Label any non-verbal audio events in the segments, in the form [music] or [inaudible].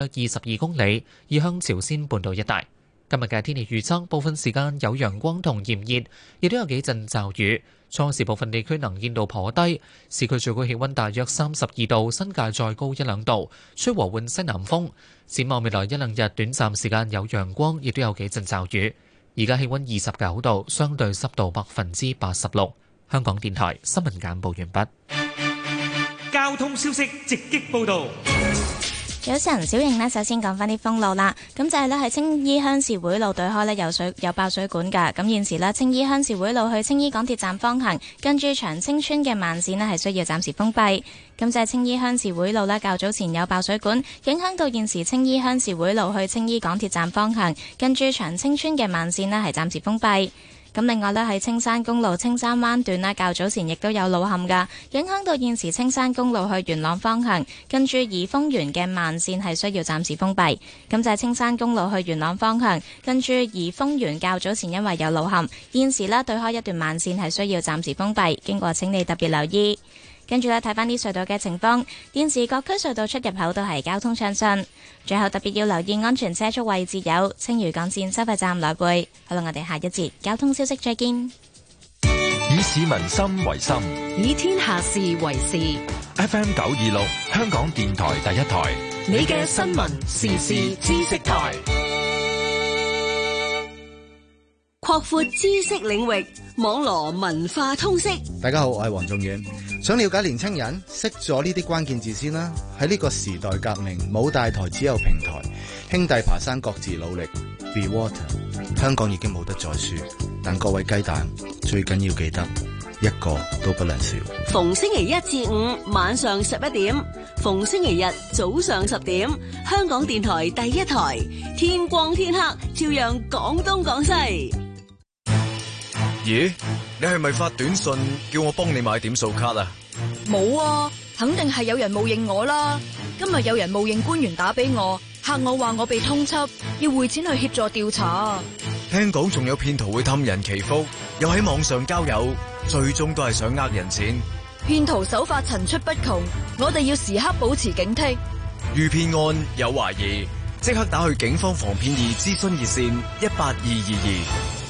約二十二公里，移向朝鮮半島一帶。今日嘅天氣預測，部分時間有陽光同炎熱，亦都有幾陣驟雨。初時部分地區能見度頗低，市區最高氣溫大約三十二度，新界再高一兩度，吹和緩西南風。展望未來一兩日，短暫時間有陽光，亦都有幾陣驟雨。而家氣溫二十九度，相對濕度百分之八十六。香港電台新聞簡報完畢。交通消息直擊報道。主持人小汶呢，首先講翻啲封路啦。咁就係呢，喺青衣鄉事會路對開呢，有水有爆水管噶。咁現時呢，青衣鄉事會路去青衣港鐵站方向，跟住長青村嘅慢綫呢係需要暫時封閉。咁就係青衣鄉事會路呢較早前有爆水管，影響到現時青衣鄉事會路去青衣港鐵站方向，跟住長青村嘅慢綫呢係暫時封閉。咁另外呢，喺青山公路青山灣段咧，較早前亦都有路陷噶影響到現時青山公路去元朗方向，跟住怡豐園嘅慢線係需要暫時封閉，咁就係青山公路去元朗方向，跟住怡豐園較早前因為有路陷，現時咧對開一段慢線係需要暫時封閉，經過請你特別留意。跟住咧，睇翻啲隧道嘅情況，電視各區隧道出入口都係交通暢順。最後特別要留意安全車速位置，有青嶼幹線收費站來回。好啦，我哋下一節交通消息再見。以市民心為心，以天下事為事。FM 九二六，香港電台第一台，你嘅新聞時事知識台。擴闊知識領域，網羅文化通識。大家好，我係黃仲遠，想了解年青人識咗呢啲關鍵字先啦。喺呢個時代革命冇大台，只有平台。兄弟爬山各自努力，Be Water。香港已經冇得再輸，但各位雞蛋最緊要記得一個都不能少。逢星期一至五晚上十一點，逢星期日早上十點，香港電台第一台，天光天黑照樣講東講西。咦、啊，你係咪發短信叫我幫你買點數卡啊？冇啊，肯定係有人冒認我啦。今日有人冒認官員打俾我，吓我話我被通緝，要匯錢去協助調查。聽講仲有騙徒會氹人祈福，又喺網上交友，最終都係想呃人錢。騙徒手法層出不窮，我哋要時刻保持警惕。遇騙案有懷疑，即刻打去警方防騙易諮詢熱線一八二二二。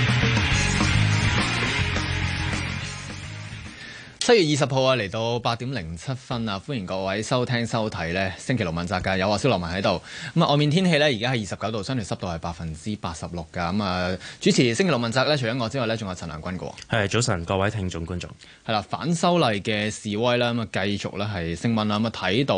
七月二十號啊，嚟到八點零七分啊，歡迎各位收聽收睇咧，星期六問責嘅有阿蕭洛汶喺度。咁啊，外面天氣咧，而家係二十九度，相對濕度係百分之八十六嘅。咁啊，主持星期六問責咧，除咗我之外咧，仲有陳亮均嘅。係早晨，各位聽眾觀眾。係啦，反修例嘅示威啦，咁啊，繼續咧係升溫啦，咁啊，睇到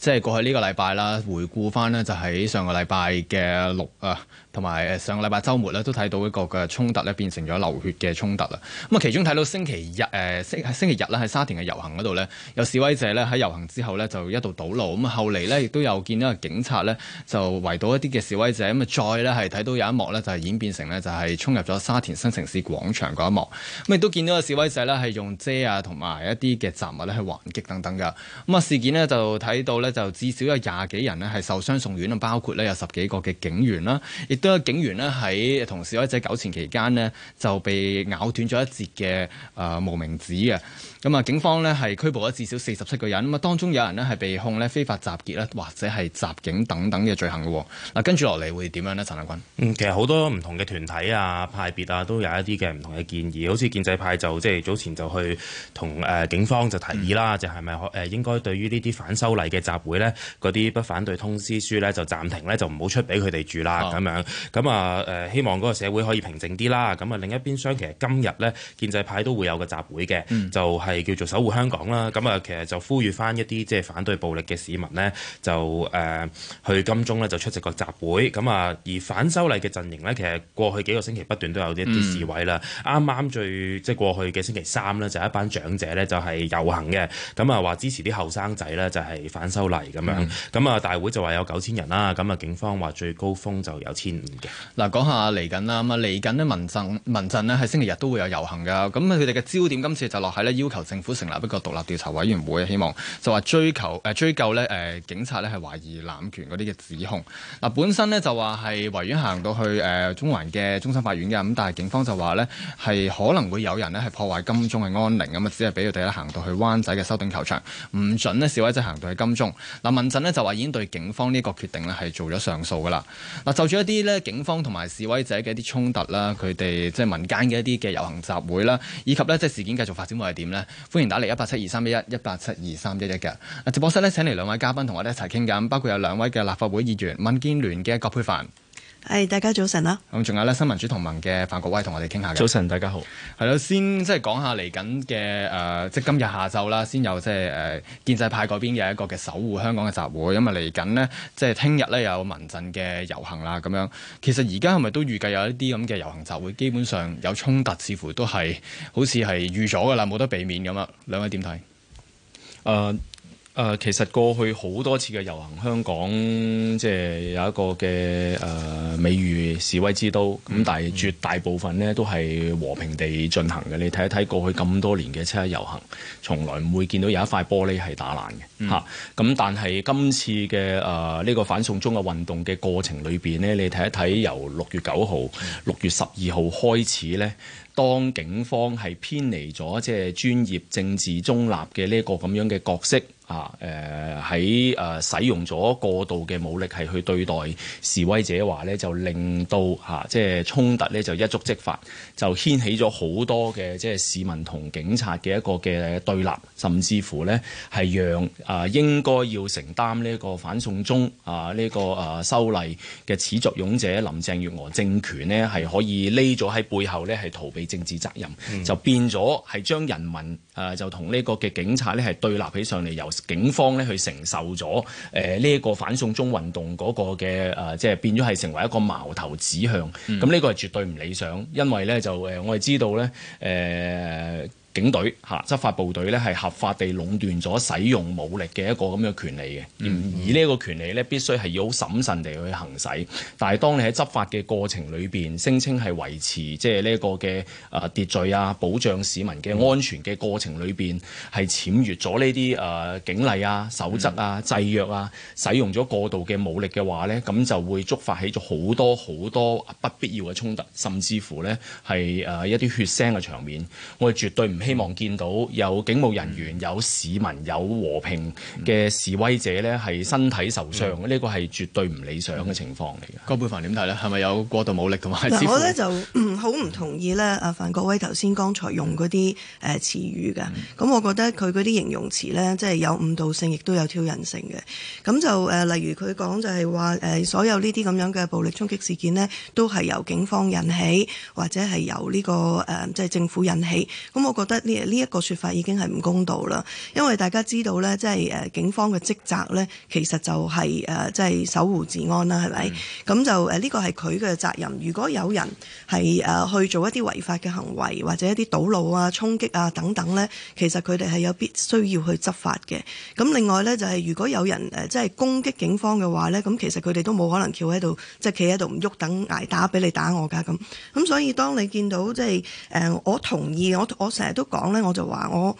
即係過去呢個禮拜啦，回顧翻咧就喺上個禮拜嘅六啊。呃同埋誒上個禮拜周末咧，都睇到一個嘅衝突咧，變成咗流血嘅衝突啦。咁啊，其中睇到星期日誒星喺星期日咧喺沙田嘅遊行嗰度咧，有示威者咧喺遊行之後咧就一度堵路。咁啊，後嚟呢，亦都有見到個警察咧就圍到一啲嘅示威者。咁啊，再咧係睇到有一幕咧就係演變成咧就係衝入咗沙田新城市廣場嗰一幕。咁亦都見到個示威者咧係用遮啊同埋一啲嘅雜物咧去還擊等等嘅。咁啊，事件咧就睇到咧就至少有廿幾人咧係受傷送院啊，包括咧有十幾個嘅警員啦，亦，啲警員咧喺同示威者糾纏期間，咧，就被咬斷咗一截嘅誒無名指嘅。咁啊，警方咧係拘捕咗至少四十七個人，咁啊，當中有人咧係被控咧非法集結咧，或者係襲警等等嘅罪行嘅。嗱，跟住落嚟會點樣呢？陳亮均，嗯，其實好多唔同嘅團體啊、派別啊，都有一啲嘅唔同嘅建議。好似建制派就即係早前就去同誒警方就提議啦，嗯、就係咪誒應該對於呢啲反修例嘅集會呢？嗰啲不反對通知書呢，就暫停呢，就唔好出俾佢哋住啦咁樣。咁啊誒，希望嗰個社會可以平靜啲啦。咁啊，另一邊廂其實今日呢，建制派都會有個集會嘅，嗯、就係、是。係叫做守護香港啦，咁啊，其實就呼籲翻一啲即係反對暴力嘅市民呢，就誒去金鐘呢，就出席個集會。咁啊，而反修例嘅陣營呢，其實過去幾個星期不斷都有啲示威啦。啱啱、嗯、最即係過去嘅星期三呢，就係、一班長者呢，就係遊行嘅。咁啊，話支持啲後生仔呢，就係反修例咁樣。咁啊、嗯，大會就話有九千人啦。咁啊，警方話最高峰就有千五嘅。嗱、嗯，講下嚟緊啦。咁啊，嚟緊呢，民陣民陣呢，係星期日都會有遊行㗎。咁佢哋嘅焦點今次就落喺呢要求政府成立一個獨立調查委員會，希望就話追求誒、呃、追究咧誒、呃、警察咧係懷疑濫權嗰啲嘅指控。嗱、呃、本身呢就話係維園行到去誒、呃、中環嘅中心法院嘅，咁但係警方就話呢係可能會有人咧係破壞金鐘嘅安寧咁啊，只係俾佢哋咧行到去灣仔嘅修頓球場，唔準呢示威者行到去金鐘。嗱、呃、民陣呢就話已經對警方呢個決定咧係做咗上訴㗎啦。嗱、呃、就住一啲呢警方同埋示威者嘅一啲衝突啦，佢哋即係民間嘅一啲嘅遊行集會啦，以及呢即係事件繼續發展會係點呢？歡迎打嚟，一八七二三一一一八七二三一一嘅直播室咧，請嚟兩位嘉賓同我哋一齊傾緊，包括有兩位嘅立法會議員，民建聯嘅葛珮帆。係，大家早晨啦！咁仲有咧，新民主同盟嘅范國威同我哋傾下嘅。早晨，大家好。係啦，先即係講下嚟緊嘅誒，即係今日下晝啦，先有即係誒建制派嗰邊嘅一個嘅守護香港嘅集會，因為嚟緊呢，即係聽日咧有民陣嘅遊行啦，咁樣。其實而家係咪都預計有一啲咁嘅遊行集會，基本上有衝突，似乎都係好似係預咗噶啦，冇得避免咁啊？兩位點睇？誒、呃。誒、呃，其實過去好多次嘅遊行，香港即係有一個嘅誒、呃、美譽，示威之都咁，但係絕大部分咧都係和平地進行嘅。你睇一睇過去咁多年嘅七一遊行，從來唔會見到有一塊玻璃係打爛嘅嚇。咁、嗯啊、但係今次嘅誒呢個反送中嘅運動嘅過程裏邊咧，你睇一睇由六月九號、六月十二號開始呢，當警方係偏離咗即係專業、政治中立嘅呢一個咁樣嘅角色。啊，誒喺誒使用咗過度嘅武力係去對待示威者，話咧就令到吓、啊、即係衝突咧就一觸即發，就掀起咗好多嘅即係市民同警察嘅一個嘅對立，甚至乎咧係讓啊應該要承擔呢個反送中啊呢、呢個誒、啊、修例嘅始作俑者林鄭月娥政權咧係可以匿咗喺背後咧係逃避政治責任，嗯、就變咗係將人民誒、啊、就同呢個嘅警察咧係對立起上嚟由。警方咧去承受咗誒呢一個反送中運動嗰個嘅誒、呃，即係變咗係成為一個矛頭指向，咁呢、嗯、個係絕對唔理想，因為咧就誒、呃、我哋知道咧誒。呃警隊吓執法部隊咧，係合法地壟斷咗使用武力嘅一個咁嘅權利嘅，嗯、而呢個權利咧，必須係要好審慎地去行使。但係當你喺執法嘅過程裏邊聲稱係維持即係呢個嘅誒秩序啊，保障市民嘅安全嘅過程裏邊係僭越咗呢啲誒警例啊守則啊制約啊，使用咗過度嘅武力嘅話咧，咁就會觸發起咗好多好多不必要嘅衝突，甚至乎咧係誒一啲血腥嘅場面。我哋絕對唔～希望見到有警務人員、有市民、有和平嘅示威者呢係身體受傷，呢個係絕對唔理想嘅情況嚟嘅。嗯、葛珮帆點睇呢？係咪有過度武力嘅嘛？嗯、之乎 我呢就好唔同意呢。阿范國威頭先剛才用嗰啲誒詞語嘅，咁、嗯、我覺得佢嗰啲形容詞呢，即係有誤導性，亦都有挑釁性嘅。咁就誒、呃，例如佢講就係話誒，所有呢啲咁樣嘅暴力衝擊事件呢，都係由警方引起，或者係由呢、這個誒，即係政府引起。咁我覺得。呢呢一個說法已經係唔公道啦，因為大家知道咧，即係誒警方嘅職責咧，其實就係誒即係守護治安啦，係咪？咁就誒呢個係佢嘅責任。如果有人係誒去做一啲違法嘅行為或者一啲堵路啊、衝擊啊等等咧，其實佢哋係有必須要去執法嘅。咁另外咧、就是，就係如果有人誒即係攻擊警方嘅話咧，咁其實佢哋都冇可能翹喺度，即係企喺度唔喐，等挨打俾你打我㗎咁。咁所以當你見到即係誒我同意，我我成日都。講咧我就話我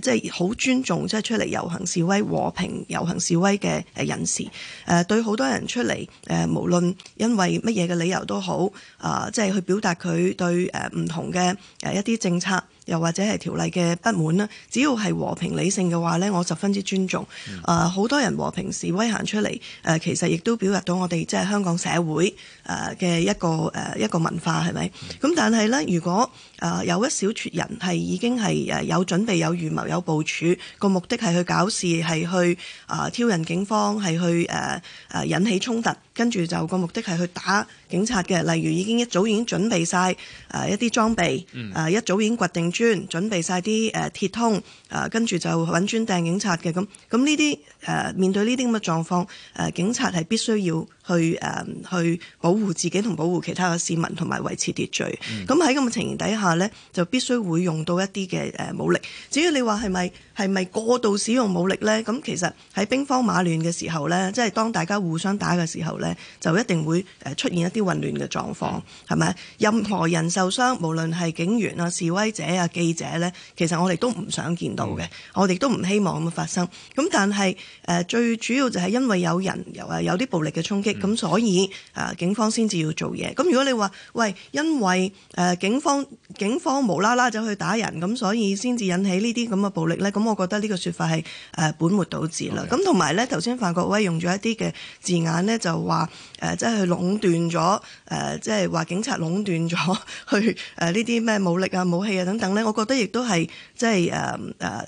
誒，即係好尊重，即係出嚟遊行示威，和平遊行示威嘅誒人士誒，對好多人出嚟誒，無論因為乜嘢嘅理由都好啊，即係，呃，去表達佢對誒唔同嘅誒一啲政策，又或者係條例嘅不滿啦，只要係和平理性嘅話呢，我十分之尊重。啊、嗯，好、呃、多人和平示威行出嚟，誒、呃，其實亦都表達到我哋即係香港社會誒嘅、呃、一個誒、呃、一個文化係咪？咁、嗯、但係呢，如果啊、呃、有一小撮人係已經係誒有準備、有預謀、有部署，個目的係去搞事、係去啊、呃、挑釁警方、係去誒誒、呃、引起衝突，跟住就個目的係去打。警察嘅，例如已經一早已經準備晒誒一啲裝備，誒、呃、一早已經掘定磚，準備晒啲誒鐵通，誒、呃、跟住就揾磚掟警察嘅咁，咁呢啲誒面對呢啲咁嘅狀況，誒、呃、警察係必須要。去誒去保護自己同保護其他嘅市民同埋維持秩序。咁喺咁嘅情形底下咧，就必須會用到一啲嘅誒武力。至於你話係咪係咪過度使用武力咧？咁其實喺兵荒馬亂嘅時候咧，即係當大家互相打嘅時候咧，就一定會誒出現一啲混亂嘅狀況，係咪？任何人受傷，無論係警員啊、示威者啊、記者咧，其實我哋都唔想見到嘅，嗯、我哋都唔希望咁樣發生。咁但係誒、呃、最主要就係因為有人由有啲暴力嘅衝擊。咁、嗯、所以誒、呃、警方先至要做嘢。咁如果你話，喂，因為誒、呃、警方警方無啦啦走去打人，咁所以先至引起呢啲咁嘅暴力咧。咁我覺得呢個說法係誒、呃、本末倒置啦。咁同埋咧，頭先范國威用咗一啲嘅字眼咧，就話誒、呃、即係去壟斷咗誒即係話警察壟斷咗去誒呢啲咩武力啊、武器啊等等咧。我覺得亦都係即係誒誒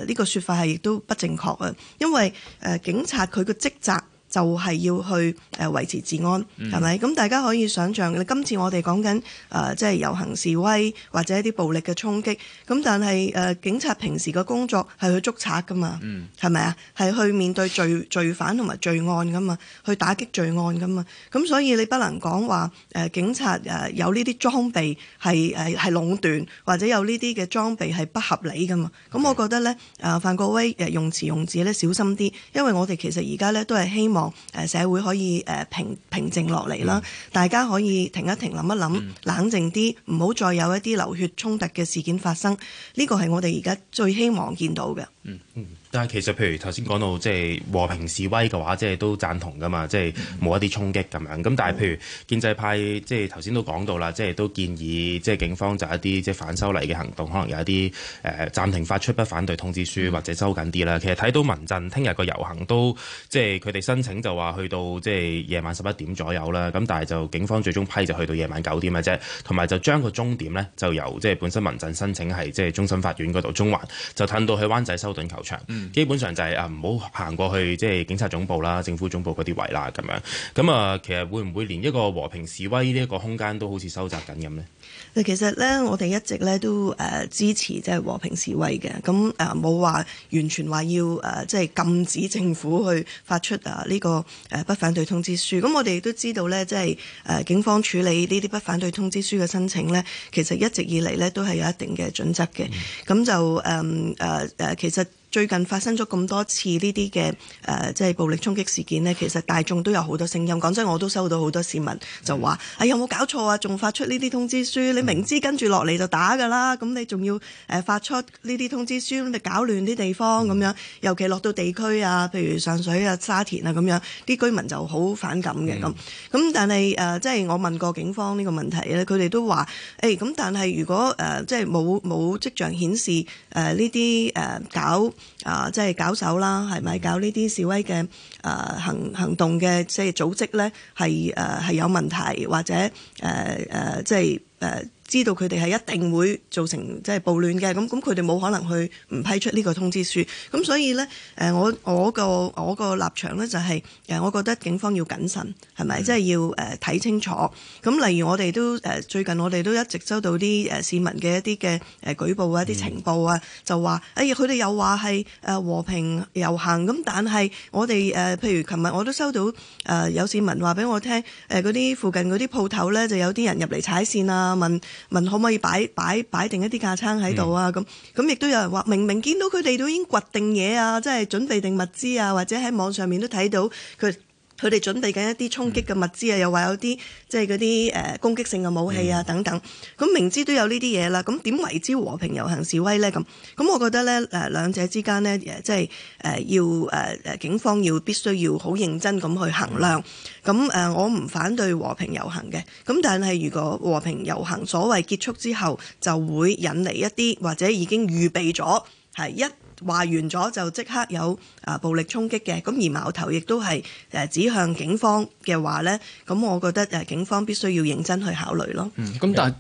呢個說法係亦都不正確啊，因為誒、呃、警察佢嘅職責。就係要去誒維持治安，係咪？咁大家可以想象，你今次我哋講緊誒即係遊行示威或者一啲暴力嘅衝擊，咁但係誒警察平時嘅工作係去捉賊噶嘛，係咪啊？係去面對罪罪犯同埋罪案噶嘛，去打擊罪案噶嘛。咁所以你不能講話誒警察誒有呢啲裝備係誒係壟斷或者有呢啲嘅裝備係不合理噶嘛。咁我覺得咧，誒范國威誒用詞用字咧小心啲，因為我哋其實而家咧都係希望。誒，社會可以誒平平靜落嚟啦，mm. 大家可以停一停，諗一諗，冷靜啲，唔好再有一啲流血衝突嘅事件發生。呢、呢個係我哋而家最希望見到嘅。嗯嗯。但係其實，譬如頭先講到即係和平示威嘅話，即係都贊同噶嘛，即係冇一啲衝擊咁樣。咁但係譬如建制派，即係頭先都講到啦，即係都建議即係警方就一啲即係反修例嘅行動，可能有一啲誒暫停發出不反對通知書或者收緊啲啦。其實睇到民陣聽日個遊行都即係佢哋申請就話去到即係夜晚十一點左右啦。咁但係就警方最終批就去到夜晚九點嘅啫，同埋就將個終點呢，就由即係本身民陣申請係即係終審法院嗰度中環，就褪到去灣仔修頓球場。嗯基本上就係啊，唔好行過去即係警察總部啦、政府總部嗰啲位啦，咁樣。咁啊，其實會唔會連一個和平示威呢一個空間都好似收窄緊咁呢？其實呢，我哋一直呢都誒支持即係和平示威嘅。咁誒冇話完全話要誒即係禁止政府去發出啊呢個誒不反對通知書。咁我哋都知道呢，即係誒警方處理呢啲不反對通知書嘅申請呢，其實一直以嚟呢都係有一定嘅準則嘅。咁、嗯、就誒誒誒，其實。最近發生咗咁多次呢啲嘅誒，即係暴力衝擊事件呢，其實大眾都有好多聲音。講真，我都收到好多市民就話，誒有冇搞錯啊？仲發出呢啲通知書？你明知跟住落嚟就打㗎啦，咁你仲要誒發出呢啲通知書，咪搞亂啲地方咁樣。尤其落到地區啊，譬如上水啊、沙田啊咁樣，啲居民就好反感嘅咁。咁但係誒，即係我問過警方呢個問題咧，佢哋都話，誒咁但係如果誒即係冇冇跡象顯示誒呢啲誒搞。啊，即係搞手啦，係咪搞呢啲示威嘅啊行行動嘅即係組織咧，係誒係有問題，或者誒，誒、呃，即係誒。呃知道佢哋係一定會造成即係暴亂嘅，咁咁佢哋冇可能去唔批出呢個通知書，咁所以呢，誒我我個我個立場呢就係、係，誒我覺得警方要謹慎，係咪？即係、嗯、要誒睇清楚。咁例如我哋都誒最近我哋都一直收到啲誒市民嘅一啲嘅誒舉報啊、一啲情報啊，嗯、就話，哎呀，佢哋又話係誒和平遊行，咁但係我哋誒譬如琴日我都收到誒有市民話俾我聽，誒嗰啲附近嗰啲鋪頭呢，就有啲人入嚟踩線啊，問。問可唔可以擺擺擺定一啲架撐喺度啊？咁咁亦都有人話，明明見到佢哋都已經掘定嘢啊，即係準備定物資啊，或者喺網上面都睇到佢。佢哋準備緊一啲衝擊嘅物資啊，又話有啲即係嗰啲誒攻擊性嘅武器啊等等，咁、嗯、明知都有呢啲嘢啦，咁點為之和平遊行示威呢？咁咁我覺得咧誒、呃、兩者之間咧誒即係誒要誒誒警方要必須要好認真咁去衡量，咁誒、嗯呃、我唔反對和平遊行嘅，咁但係如果和平遊行所謂結束之後就會引嚟一啲或者已經預備咗係一。話完咗就即刻有啊暴力衝擊嘅咁，而矛頭亦都係誒指向警方嘅話呢。咁我覺得誒警方必須要認真去考慮咯、嗯。嗯，咁但係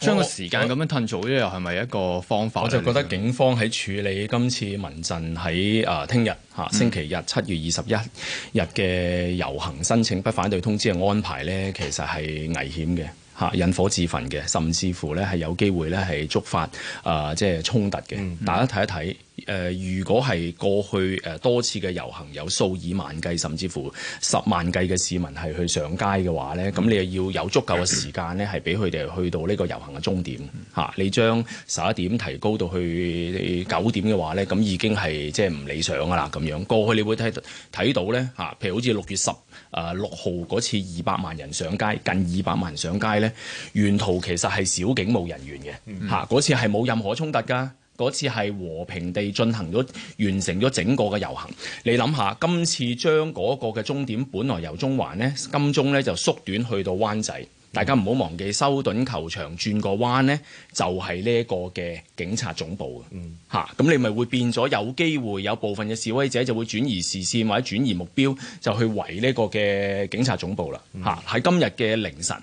將個時間咁樣褪早呢，又係咪一個方法？我就覺得警方喺處理今次民陣喺啊聽日嚇星期日七月二十一日嘅遊行申請不反對通知嘅安排呢，其實係危險嘅。嚇引火自焚嘅，甚至乎咧係有機會咧係觸發啊、呃，即係衝突嘅。嗯、大家睇一睇，誒、呃，如果係過去誒多次嘅遊行，有數以萬計，甚至乎十萬計嘅市民係去上街嘅話咧，咁、嗯、你又要有足夠嘅時間咧，係俾佢哋去到呢個遊行嘅終點吓、嗯啊。你將十一點提高到去九點嘅話咧，咁已經係即係唔理想噶啦，咁樣過去你會睇睇到咧吓，譬如好似六月十，誒六號嗰次二百萬人上街，近二百萬人上街咧，沿途其實係小警務人員嘅，嚇嗰、mm hmm. 啊、次係冇任何衝突噶，嗰次係和平地進行咗，完成咗整個嘅遊行。你諗下，今次將嗰個嘅終點，本來由中環咧，金鐘咧就縮短去到灣仔。大家唔好忘記，修頓球場轉個彎咧，就係呢一個嘅警察總部嘅嚇。咁、嗯、你咪會變咗有機會有部分嘅示威者就會轉移視線或者轉移目標，就去圍呢個嘅警察總部啦嚇。喺、嗯、今日嘅凌晨，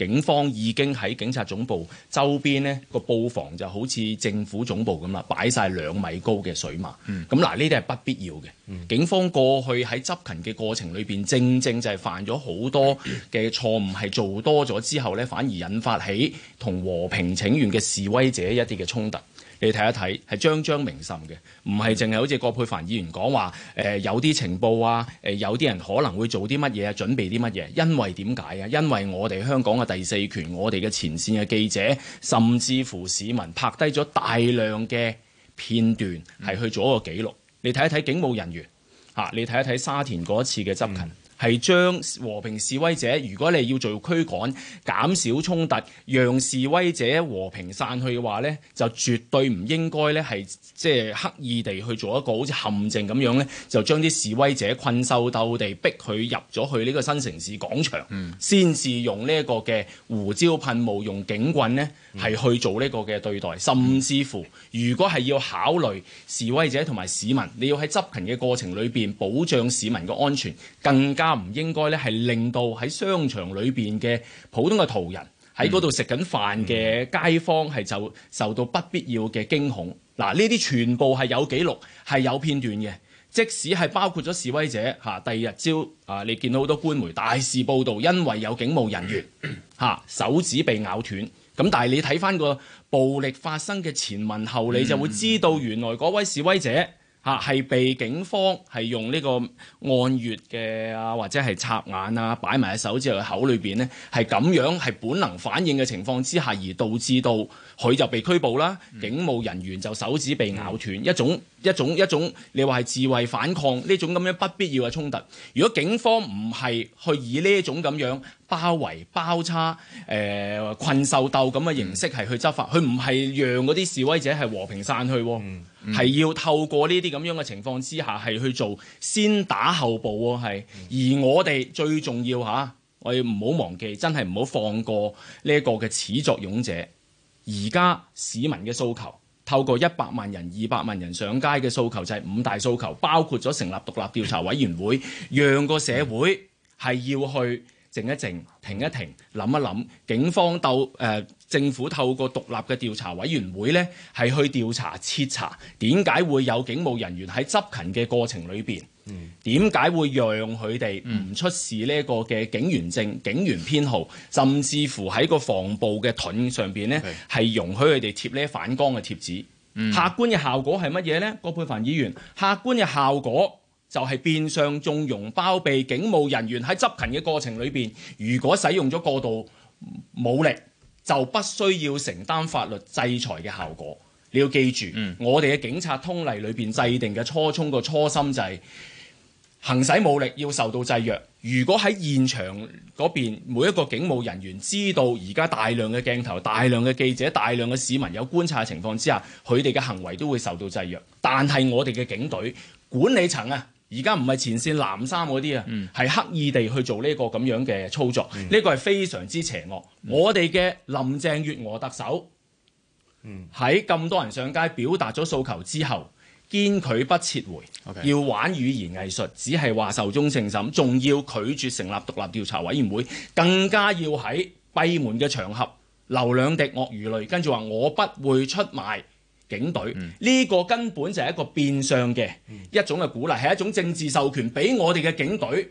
警方已經喺警察總部周邊呢個布防就好似政府總部咁啦，擺晒兩米高嘅水馬。咁嗱、嗯，呢啲係不必要嘅。嗯、警方過去喺執勤嘅過程裏邊，正正就係犯咗好多嘅錯誤，係做多咗之後呢，反而引發起同和，和平請願嘅示威者一啲嘅衝突。你睇一睇，係彰彰明甚嘅，唔係淨係好似葛珮帆議員講話，誒、呃、有啲情報啊，誒、呃、有啲人可能會做啲乜嘢啊，準備啲乜嘢？因為點解啊？因為我哋香港嘅第四權，我哋嘅前線嘅記者，甚至乎市民拍低咗大量嘅片段，係去做一個記錄。你睇一睇警務人員嚇、啊，你睇一睇沙田嗰一次嘅執勤。嗯係將和平示威者，如果你要做驅趕、減少衝突、讓示威者和平散去嘅話呢，就絕對唔應該呢，係即係刻意地去做一個好似陷阱咁樣呢，就將啲示威者困獸鬥地逼佢入咗去呢個新城市廣場，嗯、先至用呢一個嘅胡椒噴霧、用警棍呢。係去做呢個嘅對待，甚至乎如果係要考慮示威者同埋市民，你要喺執勤嘅過程裏邊保障市民嘅安全，更加唔應該咧係令到喺商場裏邊嘅普通嘅途人喺嗰度食緊飯嘅街坊係就受到不必要嘅驚恐。嗱，呢啲全部係有記錄、係有片段嘅，即使係包括咗示威者嚇，第二日朝啊，你見到好多官媒大肆報導，因為有警務人員嚇手指被咬斷。咁但係你睇翻個暴力發生嘅前文後理，你就會知道原來嗰位示威者嚇係被警方係用呢個按月嘅啊，或者係插眼啊，擺埋喺手之後嘅口裏邊呢，係咁樣係本能反應嘅情況之下而導致到。佢就被拘捕啦。警務人員就手指被咬斷，一種一種一種，你話係自衞反抗呢種咁樣不必要嘅衝突。如果警方唔係去以呢種咁樣包圍包叉、誒、呃、困獸鬥咁嘅形式係去執法，佢唔係讓嗰啲示威者係和平散去，係、嗯嗯、要透過呢啲咁樣嘅情況之下係去做先打後捕係。而我哋最重要吓，我哋唔好忘記，真係唔好放過呢一個嘅始作俑者。而家市民嘅訴求，透過一百萬人、二百萬人上街嘅訴求，就係、是、五大訴求，包括咗成立獨立調查委員會，讓個社會係要去靜一靜、停一停、諗一諗。警方都誒、呃、政府透過獨立嘅調查委員會呢，係去調查徹查點解會有警務人員喺執勤嘅過程裏邊。點解會讓佢哋唔出示呢個嘅警員證、嗯、警員編號，甚至乎喺個防暴嘅盾上邊呢？係 Okay. 容許佢哋貼呢啲反光嘅貼紙？嗯、客觀嘅效果係乜嘢呢？葛珮帆議員，客觀嘅效果就係變相縱容包庇警務人員喺執勤嘅過程裏邊，如果使用咗過度武力，就不需要承擔法律制裁嘅效果。你要記住，嗯、我哋嘅警察通例裏邊制定嘅初衷個初心就係、是。行使武力要受到制約。如果喺現場嗰邊每一個警務人員知道而家大量嘅鏡頭、大量嘅記者、大量嘅市民有觀察嘅情況之下，佢哋嘅行為都會受到制約。但係我哋嘅警隊管理層啊，而家唔係前線藍衫嗰啲啊，係、嗯、刻意地去做呢個咁樣嘅操作，呢個係非常之邪惡。我哋嘅林鄭月娥特首，喺咁、嗯、多人上街表達咗訴求之後。堅拒不撤回，Okay. 要玩語言藝術，只係話壽終正寢，仲要拒絕成立獨立調查委員會，更加要喺閉門嘅場合流兩滴鱷魚淚，跟住話我不會出賣警隊，呢、嗯、個根本就係一個變相嘅、嗯、一種嘅鼓勵，係一種政治授權，俾我哋嘅警隊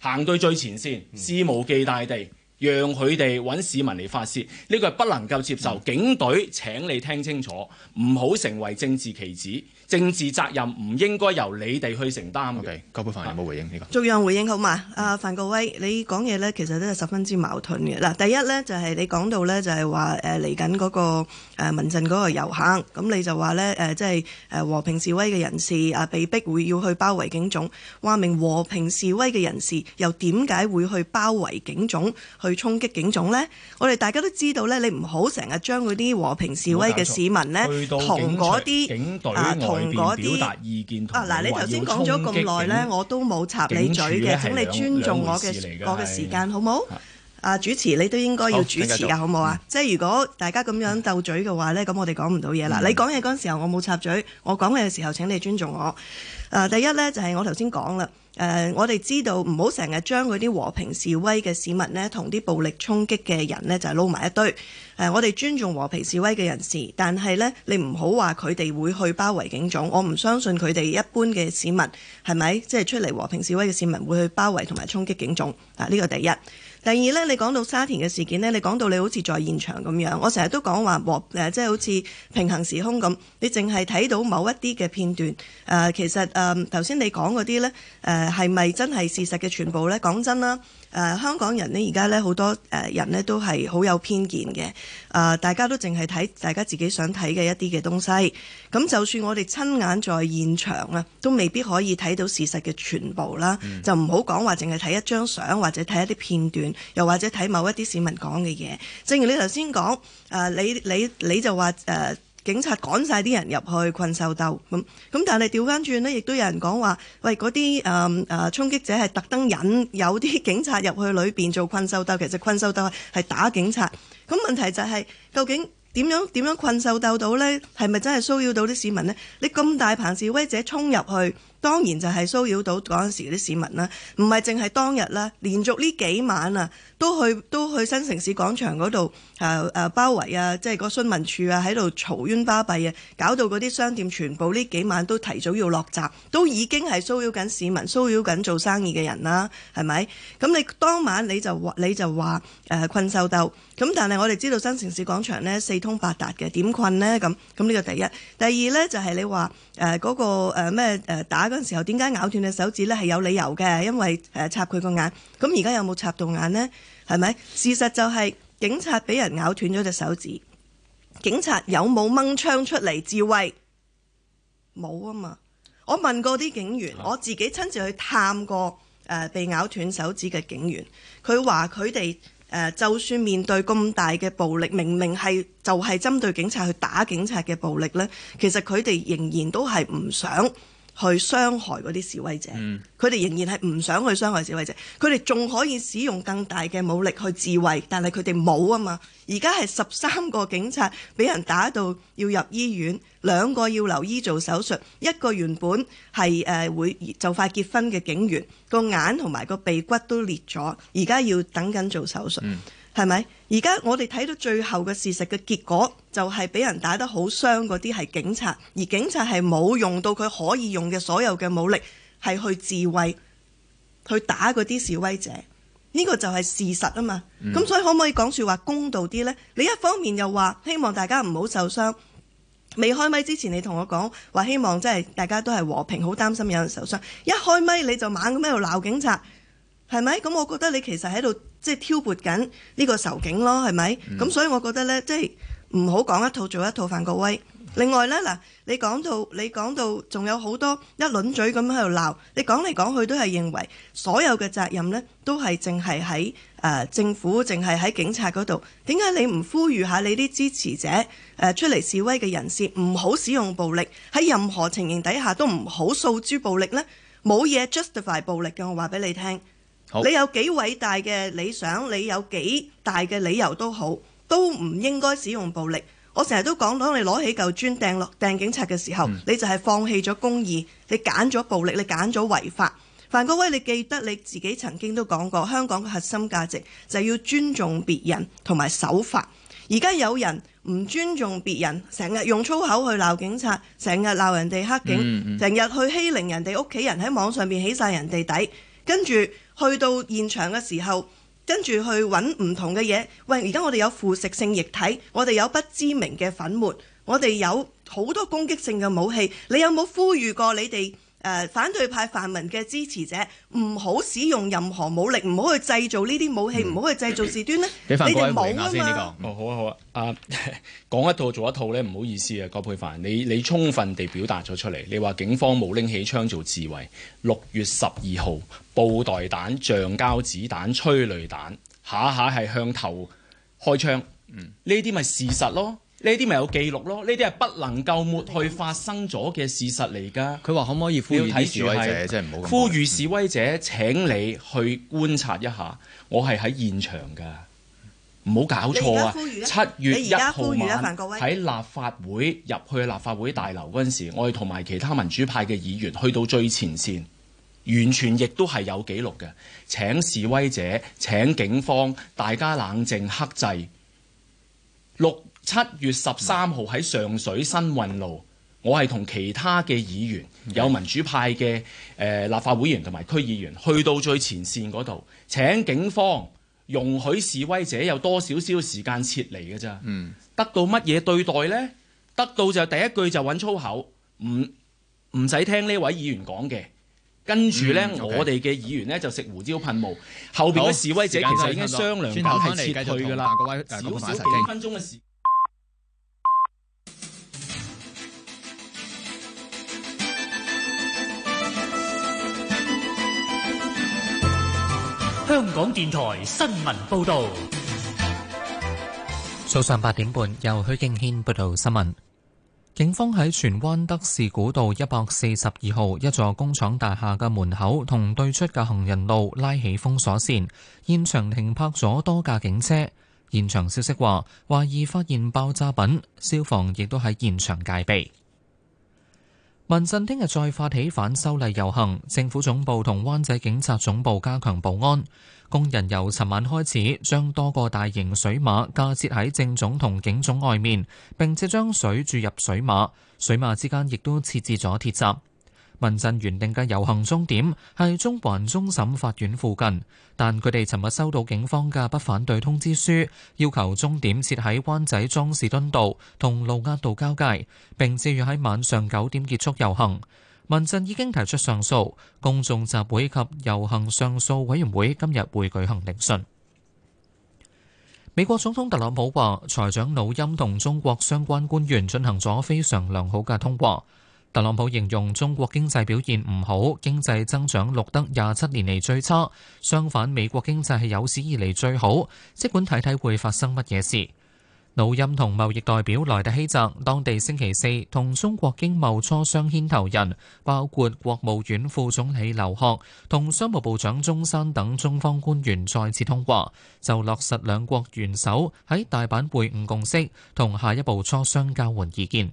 行到最前線，肆無忌憚地，讓佢哋揾市民嚟發泄，呢、這個係不能夠接受。嗯、警隊請你聽清楚，唔好成為政治棋子。政治責任唔應該由你哋去承擔。各部分有冇回應呢個？逐樣、啊、回應好嘛？阿、啊、范國威，你講嘢咧，其實都係十分之矛盾嘅。嗱，第一咧就係你講到咧，就係話誒嚟緊嗰個誒民陣嗰個遊行，咁你就話咧誒，即係誒和平示威嘅人士啊，被逼會要去包圍警總，話明和平示威嘅人士又點解會去包圍警總去衝擊警總咧？我哋大家都知道咧，你唔好成日將嗰啲和平示威嘅市民咧說，同嗰啲警隊同、啊。嗰啲啊嗱，呃、來你頭先講咗咁耐咧，警我都冇插你嘴嘅。請你尊重我嘅我嘅時間，的好冇？啊！主持你都應該要主持㗎，好唔好啊？嗯、即係如果大家咁樣鬥嘴嘅話呢，咁我哋講唔到嘢啦。嗯、你講嘢嗰陣時候，我冇插嘴；我講嘢嘅時候，請你尊重我。誒、呃，第一呢，就係、是、我頭先講啦。誒、呃，我哋知道唔好成日將嗰啲和平示威嘅市民呢同啲暴力衝擊嘅人呢就係撈埋一堆。誒、呃，我哋尊重和平示威嘅人士，但係呢，你唔好話佢哋會去包圍警總。我唔相信佢哋一般嘅市民係咪即係出嚟和平示威嘅市民會去包圍同埋衝擊警總？嗱、啊，呢個第一。第二咧，你講到沙田嘅事件咧，你講到你好似在現場咁樣，我成日都講話和誒，即係好似平衡時空咁，你淨係睇到某一啲嘅片段，誒、呃，其實誒頭先你講嗰啲咧，誒係咪真係事實嘅全部咧？講真啦。誒、呃、香港人呢，而家咧好多誒、呃、人呢，都係好有偏見嘅。誒、呃，大家都淨係睇大家自己想睇嘅一啲嘅東西。咁就算我哋親眼在現場啊，都未必可以睇到事實嘅全部啦。嗯、就唔好講話，淨係睇一張相，或者睇一啲片段，又或者睇某一啲市民講嘅嘢。正如你頭先講誒，你你你就話誒。呃警察趕晒啲人入去困獸鬥咁，咁但係調翻轉呢，亦都有人講話，喂，嗰啲誒誒衝擊者係特登引有啲警察入去裏邊做困獸鬥，其實困獸鬥係打警察。咁問題就係係究竟點樣點樣困獸鬥到呢？係咪真係騷擾到啲市民呢？你咁大棚示威者衝入去？當然就係騷擾到嗰陣時啲市民啦，唔係淨係當日啦，連續呢幾晚啊，都去都去新城市廣場嗰度啊啊包圍啊，即係個詢問處啊，喺度嘈冤巴閉啊，搞到嗰啲商店全部呢幾晚都提早要落閘，都已經係騷擾緊市民，騷擾緊做生意嘅人啦，係咪？咁你當晚你就你就話誒、呃、困獸鬥，咁但係我哋知道新城市廣場咧四通八達嘅，點困呢？咁？咁呢個第一，第二呢，就係你話。誒嗰、呃嗰個咩誒、呃、打嗰陣時候，點解咬斷隻手指咧？係有理由嘅，因為誒、呃、插佢個眼。咁而家有冇插到眼呢？係咪事實就係、係、警察俾人咬斷咗隻手指？警察有冇掹槍出嚟自衞？冇啊嘛！我問過啲警員，啊、我自己親自去探過誒、呃、被咬斷手指嘅警員，佢話佢哋。誒、呃，就算面對咁大嘅暴力，明明係就係、是、針對警察去打警察嘅暴力呢，其實佢哋仍然都係唔想，去傷害嗰啲示威者，佢哋、嗯、仍然係唔想去傷害示威者，佢哋仲可以使用更大嘅武力去自衛，但係佢哋冇啊嘛！而家係十三個警察俾人打到要入醫院，兩個要留醫做手術，一個原本係誒會就快結婚嘅警員，個眼同埋個鼻骨都裂咗，而家要等緊做手術。嗯係咪？而家我哋睇到最後嘅事實嘅結果，就係俾人打得好傷嗰啲係警察，而警察係冇用到佢可以用嘅所有嘅武力，係去自衞，去打嗰啲示威者。呢個就係事實啊嘛。咁所以可唔可以講說話公道啲呢？你一方面又話希望大家唔好受傷，未開咪之前你同我講話希望即係大家都係和平，好擔心有人受傷。一開咪你就猛咁喺度鬧警察，係咪？咁我覺得你其實喺度。即係挑撥緊呢個仇警咯，係咪？咁、mm. 嗯、所以我覺得呢，即係唔好講一套做一套范國威。另外呢，嗱你講到你講到，仲有好多一輪嘴咁喺度鬧。你講嚟講去都係認為所有嘅責任呢，都係淨係喺誒政府，淨係喺警察嗰度。點解你唔呼籲下你啲支持者誒、呃、出嚟示威嘅人士唔好使用暴力，喺任何情形底下都唔好訴諸暴力呢？冇嘢 justify 暴力嘅，我話俾你聽。好你有幾偉大嘅理想，你有幾大嘅理由都好，都唔應該使用暴力。我成日都講到你攞起嚿磚掟落掟警察嘅時候，嗯、你就係放棄咗公義，你揀咗暴力，你揀咗違法。范國威，你記得你自己曾經都講過，香港嘅核心價值就要尊重別人同埋守法。而家有人唔尊重別人，成日用粗口去鬧警察，成日鬧人哋黑警，成日、嗯嗯、去欺凌人哋屋企人喺網上面起晒人哋底，跟住。去到現場嘅時候，跟住去揾唔同嘅嘢。喂，而家我哋有腐蝕性液體，我哋有不知名嘅粉末，我哋有好多攻擊性嘅武器。你有冇呼籲過你哋？誒、反對派泛民嘅支持者唔好使用任何武力，唔好去製造呢啲武器，唔好去製造事端呢、嗯、你哋冇呢嘛？哦、嗯呢個，好啊，好啊。啊，講一套做一套咧，唔好意思啊，葛珮帆，你你充分地表達咗出嚟。你話警方冇拎起槍做自衞，六月十二號布袋彈、橡膠子彈、催淚彈，下下係向頭開槍，呢啲咪事實咯？呢啲咪有記錄咯？呢啲係不能夠抹去發生咗嘅事實嚟㗎。佢話可唔可以呼籲示威者，是呼籲示威者？請你去觀察一下，我係喺現場㗎，唔好搞錯啊！七月一號晚喺立法會入去立法會大樓嗰陣時，我哋同埋其他民主派嘅議員去到最前線，完全亦都係有記錄嘅。請示威者，請警方，大家冷靜克制六。七月十三號喺上水新運路，我係同其他嘅議員，有民主派嘅誒、呃、立法會議員同埋區議員，去到最前線嗰度請警方容許示威者有多少少時間撤離㗎咋？嗯，得到乜嘢對待呢？得到就第一句就揾粗口，唔唔使聽呢位議員講嘅。跟住呢，嗯 okay. 我哋嘅議員呢就食胡椒噴霧。後邊嘅示威者其實已經商量緊撤退㗎啦。少少幾分鐘嘅時。香港電台新聞報道，早上八點半，由許敬軒報道新聞。警方喺荃灣德士古道一百四十二號一座工廠大廈嘅門口同對出嘅行人路拉起封鎖線，現場停泊咗多架警車。現場消息話，懷疑發現爆炸品，消防亦都喺現場戒備。民陣聽日再發起反修例遊行，政府總部同灣仔警察總部加強保安。工人由尋晚開始，將多個大型水馬架設喺政總同警總外面，並且將水注入水馬，水馬之間亦都設置咗鐵閘。民陣原定嘅遊行終點係中環終審法院附近，但佢哋尋日收到警方嘅不反對通知書，要求終點設喺灣仔莊士敦道同盧押道交界，並建議喺晚上九點結束遊行。民陣已經提出上訴，公眾集會及遊行上訴委員會今日會舉行聆訊。美國總統特朗普話：財長努欽同中國相關官員進行咗非常良好嘅通話。特朗普形容中國經濟表現唔好，經濟增長錄得廿七年嚟最差。相反，美國經濟係有史以嚟最好。即管睇睇會發生乜嘢事。紐欽同貿易代表萊特希澤當地星期四同中國經貿磋商牽頭人，包括國務院副總理劉鶴同商務部長鐘山等中方官員再次通話，就落實兩國元首喺大阪會晤共識同下一步磋商交換意見。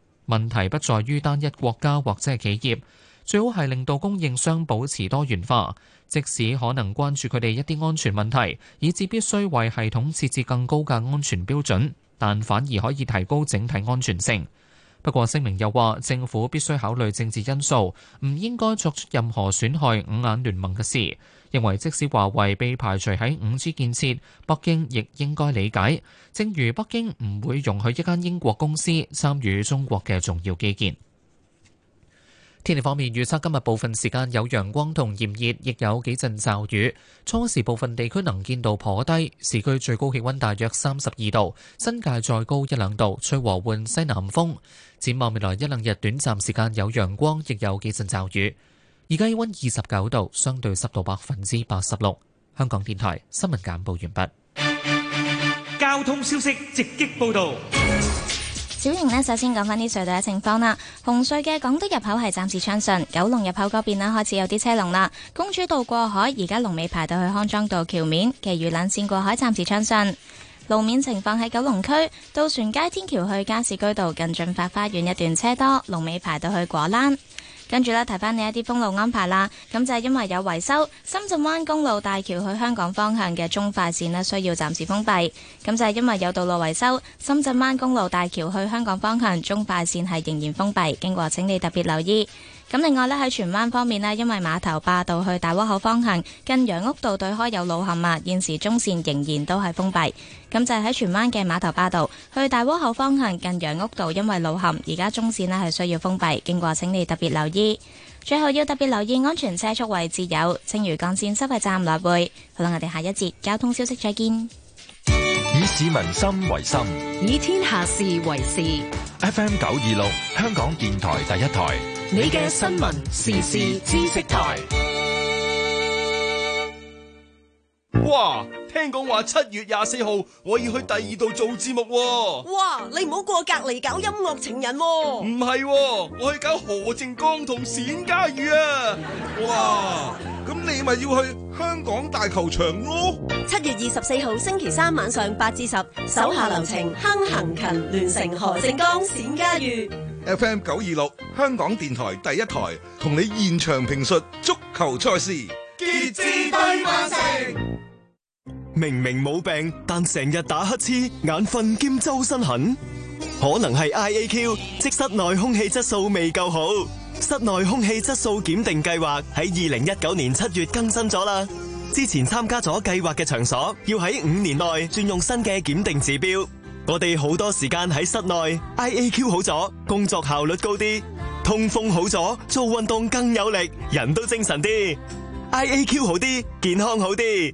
問題不在於單一國家或者係企業，最好係令到供應商保持多元化。即使可能關注佢哋一啲安全問題，以至必須為系統設置更高嘅安全標準，但反而可以提高整體安全性。不過聲明又話，政府必須考慮政治因素，唔應該作出任何損害五眼聯盟嘅事。認為即使華為被排除喺五 G 建設，北京亦應該理解，正如北京唔會容許一間英國公司參與中國嘅重要基建。天氣方面預測今日部分時間有陽光同炎熱，亦有幾陣驟雨。初時部分地區能見度頗低，市區最高氣溫大約三十二度，新界再高一兩度，吹和緩西南風。展望未來一兩日，短暫時間有陽光，亦有幾陣驟雨。而家温二十九度，相對濕度百分之八十六。香港電台新聞簡報完畢。交通消息直擊報道。小瑩呢，首先講翻啲隧道嘅情況啦。紅隧嘅港督入口係暫時暢順，九龍入口嗰邊呢開始有啲車龍啦。公主道過海，而家龍尾排到去康莊道橋面，其餘冷線過海暫時暢順。路面情況喺九龍區渡船街天橋去加士居道近駿發花園一段車多，龍尾排到去果欄。跟住咧，提翻你一啲封路安排啦。咁就係因為有維修，深圳灣公路大橋去香港方向嘅中快線呢，需要暫時封閉。咁就係因為有道路維修，深圳灣公路大橋去香港方向中快線係仍然封閉，經過請你特別留意。咁另外咧喺荃灣方面咧，因為碼頭巴道去大窩口方向近洋屋道對開有路陷呀，現時中線仍然都係封閉。咁就係喺荃灣嘅碼頭巴道去大窩口方向近洋屋道，因為路陷，而家中線咧係需要封閉，經過請你特別留意。最後要特別留意安全車速位置有青嶼幹線收費站來回。好啦，我哋下一節交通消息再見。以市民心為心，以天下事為事。F M 九二六，香港電台第一台。你嘅新聞時事知識台。哇！聽講話七月廿四號我要去第二度做節目，啊。哇！你唔好過隔籬搞音樂情人，啊。唔係，啊，我去搞何正江同冼家玉啊！哇！咁你咪要去香港大球場咯？七月二十四號星期三晚上八至十，手下留情，坑行勤聯成何正江、冼家玉。FM 九二六香港電台第一台同你現場評述足球賽事。傑志對曼城。明明冇病，但成日打乞嗤、眼瞓兼周身痕，可能係 IAQ，即室內空氣質素未夠好。室內空氣質素檢定計劃喺二零一九年七月更新咗啦。之前參加咗計劃嘅場所，要喺五年內轉用新嘅檢定指標。我哋好多時間喺室內，IAQ 好咗，工作效率高啲，通風好咗，做運動更有力，人都精神啲，IAQ 好啲，健康好啲。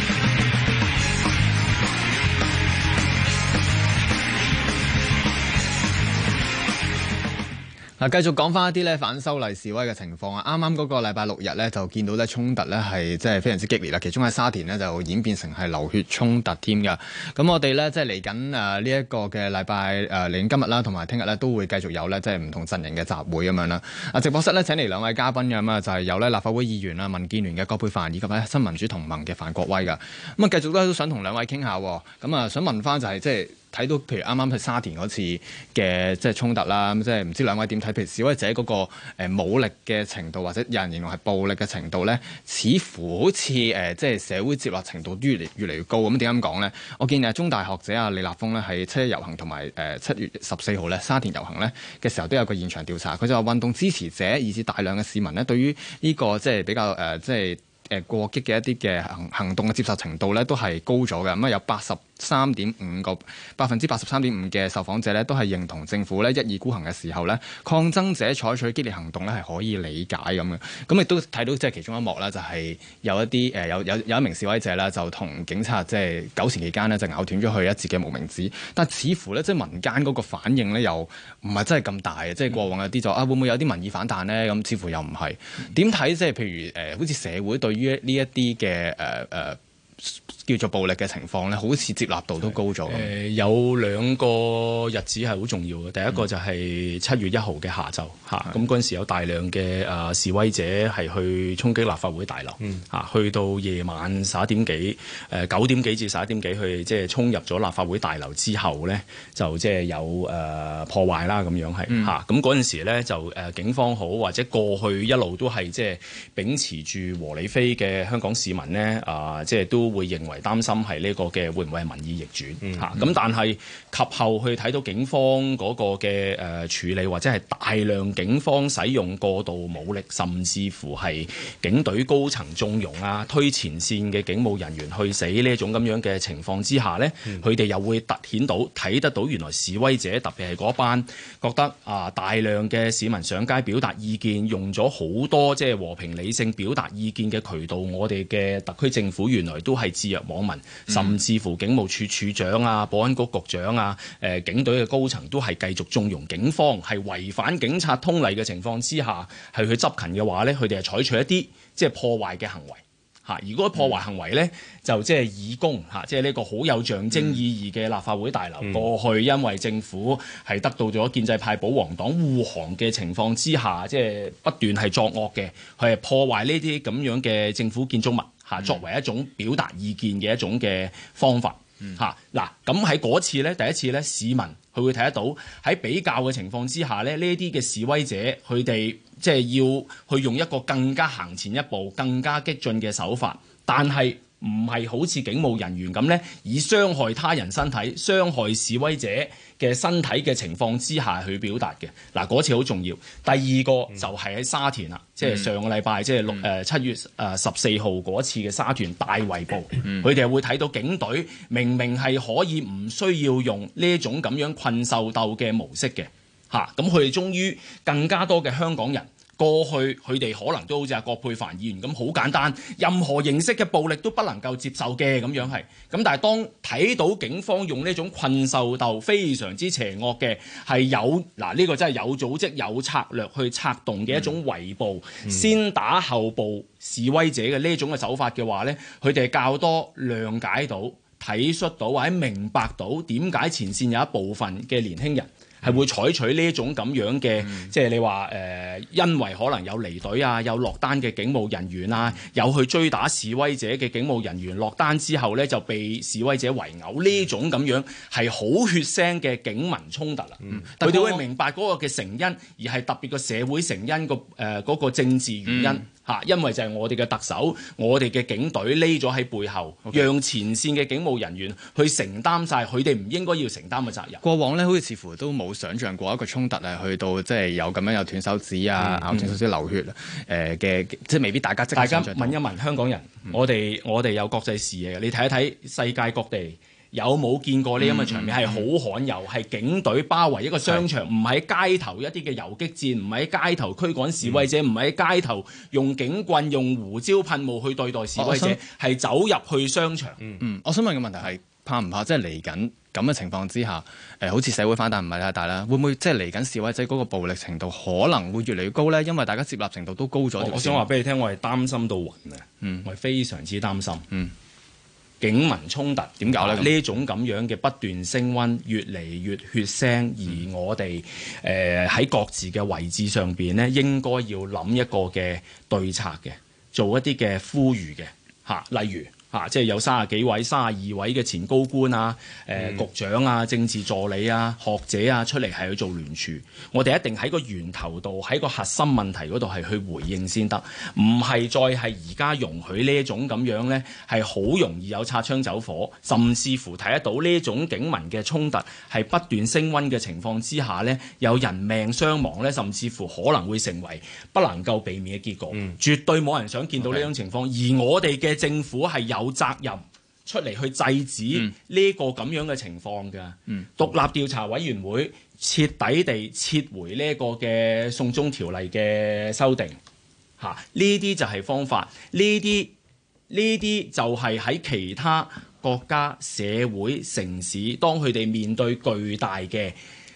嗱，繼續講翻一啲咧反修例示威嘅情況啊！啱啱嗰個禮拜六日咧就見到咧衝突咧係真係非常之激烈啦，其中喺沙田呢，就演變成係流血衝突添噶。咁我哋咧即係嚟緊誒呢一個嘅禮拜誒，嚟、呃、緊今日啦，同埋聽日咧都會繼續有咧即係唔同陣營嘅集會咁樣啦。啊，直播室咧請嚟兩位嘉賓嘅咁啊，就係、是、有咧立法會議員啊民建聯嘅葛珮帆，以及新民主同盟嘅范國威噶。咁、嗯、啊，繼續都想同兩位傾下，咁、嗯、啊想問翻就係、是、即係。睇到譬如啱啱去沙田嗰次嘅即係衝突啦，咁即係唔知兩位點睇？譬如示威者嗰個誒武力嘅程度，或者有人形容係暴力嘅程度咧，似乎好似誒即係社會接納程度越嚟越嚟越高。咁點解咁講咧？我見啊中大學者啊李立峯咧喺七一遊行同埋誒七月十四號咧沙田遊行咧嘅時候都有個現場調查，佢就話運動支持者以至大量嘅市民咧對於呢個即係比較誒即係誒過激嘅一啲嘅行行動嘅接受程度咧都係高咗嘅。咁啊有八十。三點五個百分之八十三點五嘅受訪者咧，都係認同政府咧一意孤行嘅時候咧，抗爭者採取激烈行動咧係可以理解咁嘅。咁亦都睇到即係其中一幕啦，就係有一啲誒有有有一名示威者啦，就同警察即係糾纏期間咧，就咬斷咗佢一節嘅無名指。但似乎咧，即係民間嗰個反應咧，又唔係真係咁大嘅。即係過往有啲就啊，會唔會有啲民意反彈呢？咁似乎又唔係。點睇即係譬如誒、呃，好似社會對於呢一啲嘅誒誒？呃呃呃叫做暴力嘅情況咧，好似接納度都高咗。誒、呃、有兩個日子係好重要嘅，第一個就係七月一號嘅下晝吓，咁嗰陣時有大量嘅誒、呃、示威者係去衝擊立法會大樓吓是的、啊、去到夜晚十一點幾誒九點幾至十一點幾去即係衝入咗立法會大樓之後咧，就即係有誒、呃、破壞啦咁樣係吓，咁嗰陣時咧就誒警方好，或者過去一路都係即係秉持住和理非嘅香港市民咧啊、呃，即係都會認為。為擔心係呢個嘅會唔會係民意逆轉吓？咁、嗯嗯啊、但係及後去睇到警方嗰個嘅誒、呃、處理，或者係大量警方使用過度武力，甚至乎係警隊高層縱容啊，推前線嘅警務人員去死呢一種咁樣嘅情況之下咧，佢哋、嗯、又會凸顯到睇得到原來示威者特別係嗰班覺得啊大量嘅市民上街表達意見，用咗好多即係、就是、和平理性表達意見嘅渠道，我哋嘅特區政府原來都係自由。網民，甚至乎警務處處長啊、保安局局長啊、誒、呃、警隊嘅高層都係繼續縱容警方係違反警察通例嘅情況之下，係去執勤嘅話呢，佢哋係採取一啲即係破壞嘅行為嚇。如、啊、果破壞行為呢，嗯、就即係以攻嚇，即係呢個好有象徵意義嘅立法會大樓、嗯、過去，因為政府係得到咗建制派保皇黨護航嘅情況之下，即係不斷係作惡嘅，佢係破壞呢啲咁樣嘅政府建築物。作為一種表達意見嘅一種嘅方法，嚇嗱、嗯，咁喺嗰次呢，第一次呢，市民佢會睇得到喺比較嘅情況之下呢，呢啲嘅示威者佢哋即係要去用一個更加行前一步、更加激進嘅手法，但係，唔係好似警務人員咁呢，以傷害他人身體、傷害示威者嘅身體嘅情況之下去表達嘅。嗱，嗰次好重要。第二個就係喺沙田啦，嗯、即係上個禮拜，即係六誒七月誒十四號嗰次嘅沙田大圍捕，佢哋、嗯、會睇到警隊明明係可以唔需要用呢種咁樣困獸鬥嘅模式嘅，嚇咁佢哋終於更加多嘅香港人。過去佢哋可能都好似阿葛珮帆議員咁好簡單，任何形式嘅暴力都不能夠接受嘅咁樣係。咁但係當睇到警方用呢種困獸鬥、非常之邪惡嘅係有嗱呢、啊呢個真係有組織、有策略去策動嘅一種圍捕，嗯、先打後捕示威者嘅呢種嘅手法嘅話呢，佢哋較多諒解到、體恤到或者明白到點解前線有一部分嘅年輕人。係會採取呢種咁樣嘅，嗯、即係你話誒、呃，因為可能有離隊啊、有落單嘅警務人員啊，有去追打示威者嘅警務人員落單之後呢，就被示威者圍毆呢種咁樣係好血腥嘅警民衝突啦、啊。佢哋、嗯、會明白嗰個嘅成因，而係特別個社會成因個誒嗰個政治原因。嗯嚇！因為就係我哋嘅特首，我哋嘅警隊匿咗喺背後，Okay. 讓前線嘅警務人員去承擔晒佢哋唔應該要承擔嘅責任。過往呢，好似似乎都冇想象過一個衝突啊，去到即係有咁樣有斷手指啊、咬斷手指流血誒嘅、嗯呃，即係未必大家即。大家問一問香港人，嗯、我哋我哋有國際視野嘅，你睇一睇世界各地。有冇見過呢啲咁嘅場面？係好、嗯嗯、罕有，係警隊包圍一個商場，唔喺、嗯、街頭一啲嘅遊擊戰，唔喺街頭驅趕示威者，唔喺、嗯、街頭用警棍、用胡椒噴霧去對待示威者，係、哦、走入去商場嗯。嗯，我想問嘅問題係怕唔怕？即係嚟緊咁嘅情況之下，誒，好似社會反彈唔係太大啦，會唔會即係嚟緊示威者嗰個暴力程度可能會越嚟越高呢？因為大家接納程度都高咗、哦。我想話俾你聽，我係擔心到暈嘅，嗯，我係非常之擔心，嗯。警民衝突點解咧？呢種咁樣嘅不斷升溫，越嚟越血腥，而我哋誒喺各自嘅位置上邊咧，應該要諗一個嘅對策嘅，做一啲嘅呼籲嘅嚇、啊，例如。嚇、啊，即係有三十幾位、三十二位嘅前高官啊、誒、呃嗯、局長啊、政治助理啊、學者啊出嚟係去做聯署，我哋一定喺個源頭度、喺個核心問題嗰度係去回應先得，唔係再係而家容許呢一種咁樣咧，係好容易有擦槍走火，甚至乎睇得到呢一種警民嘅衝突係不斷升温嘅情況之下咧，有人命傷亡咧，甚至乎可能會成為不能夠避免嘅結局，嗯、絕對冇人想見到呢種情況，嗯 okay。而我哋嘅政府係。有。有責任出嚟去制止呢、嗯、個咁樣嘅情況㗎。嗯、獨立調查委員會，徹底地撤回呢個嘅送中條例嘅修訂，吓，呢啲就係方法。呢啲呢啲就係喺其他國家、社會、城市，當佢哋面對巨大嘅。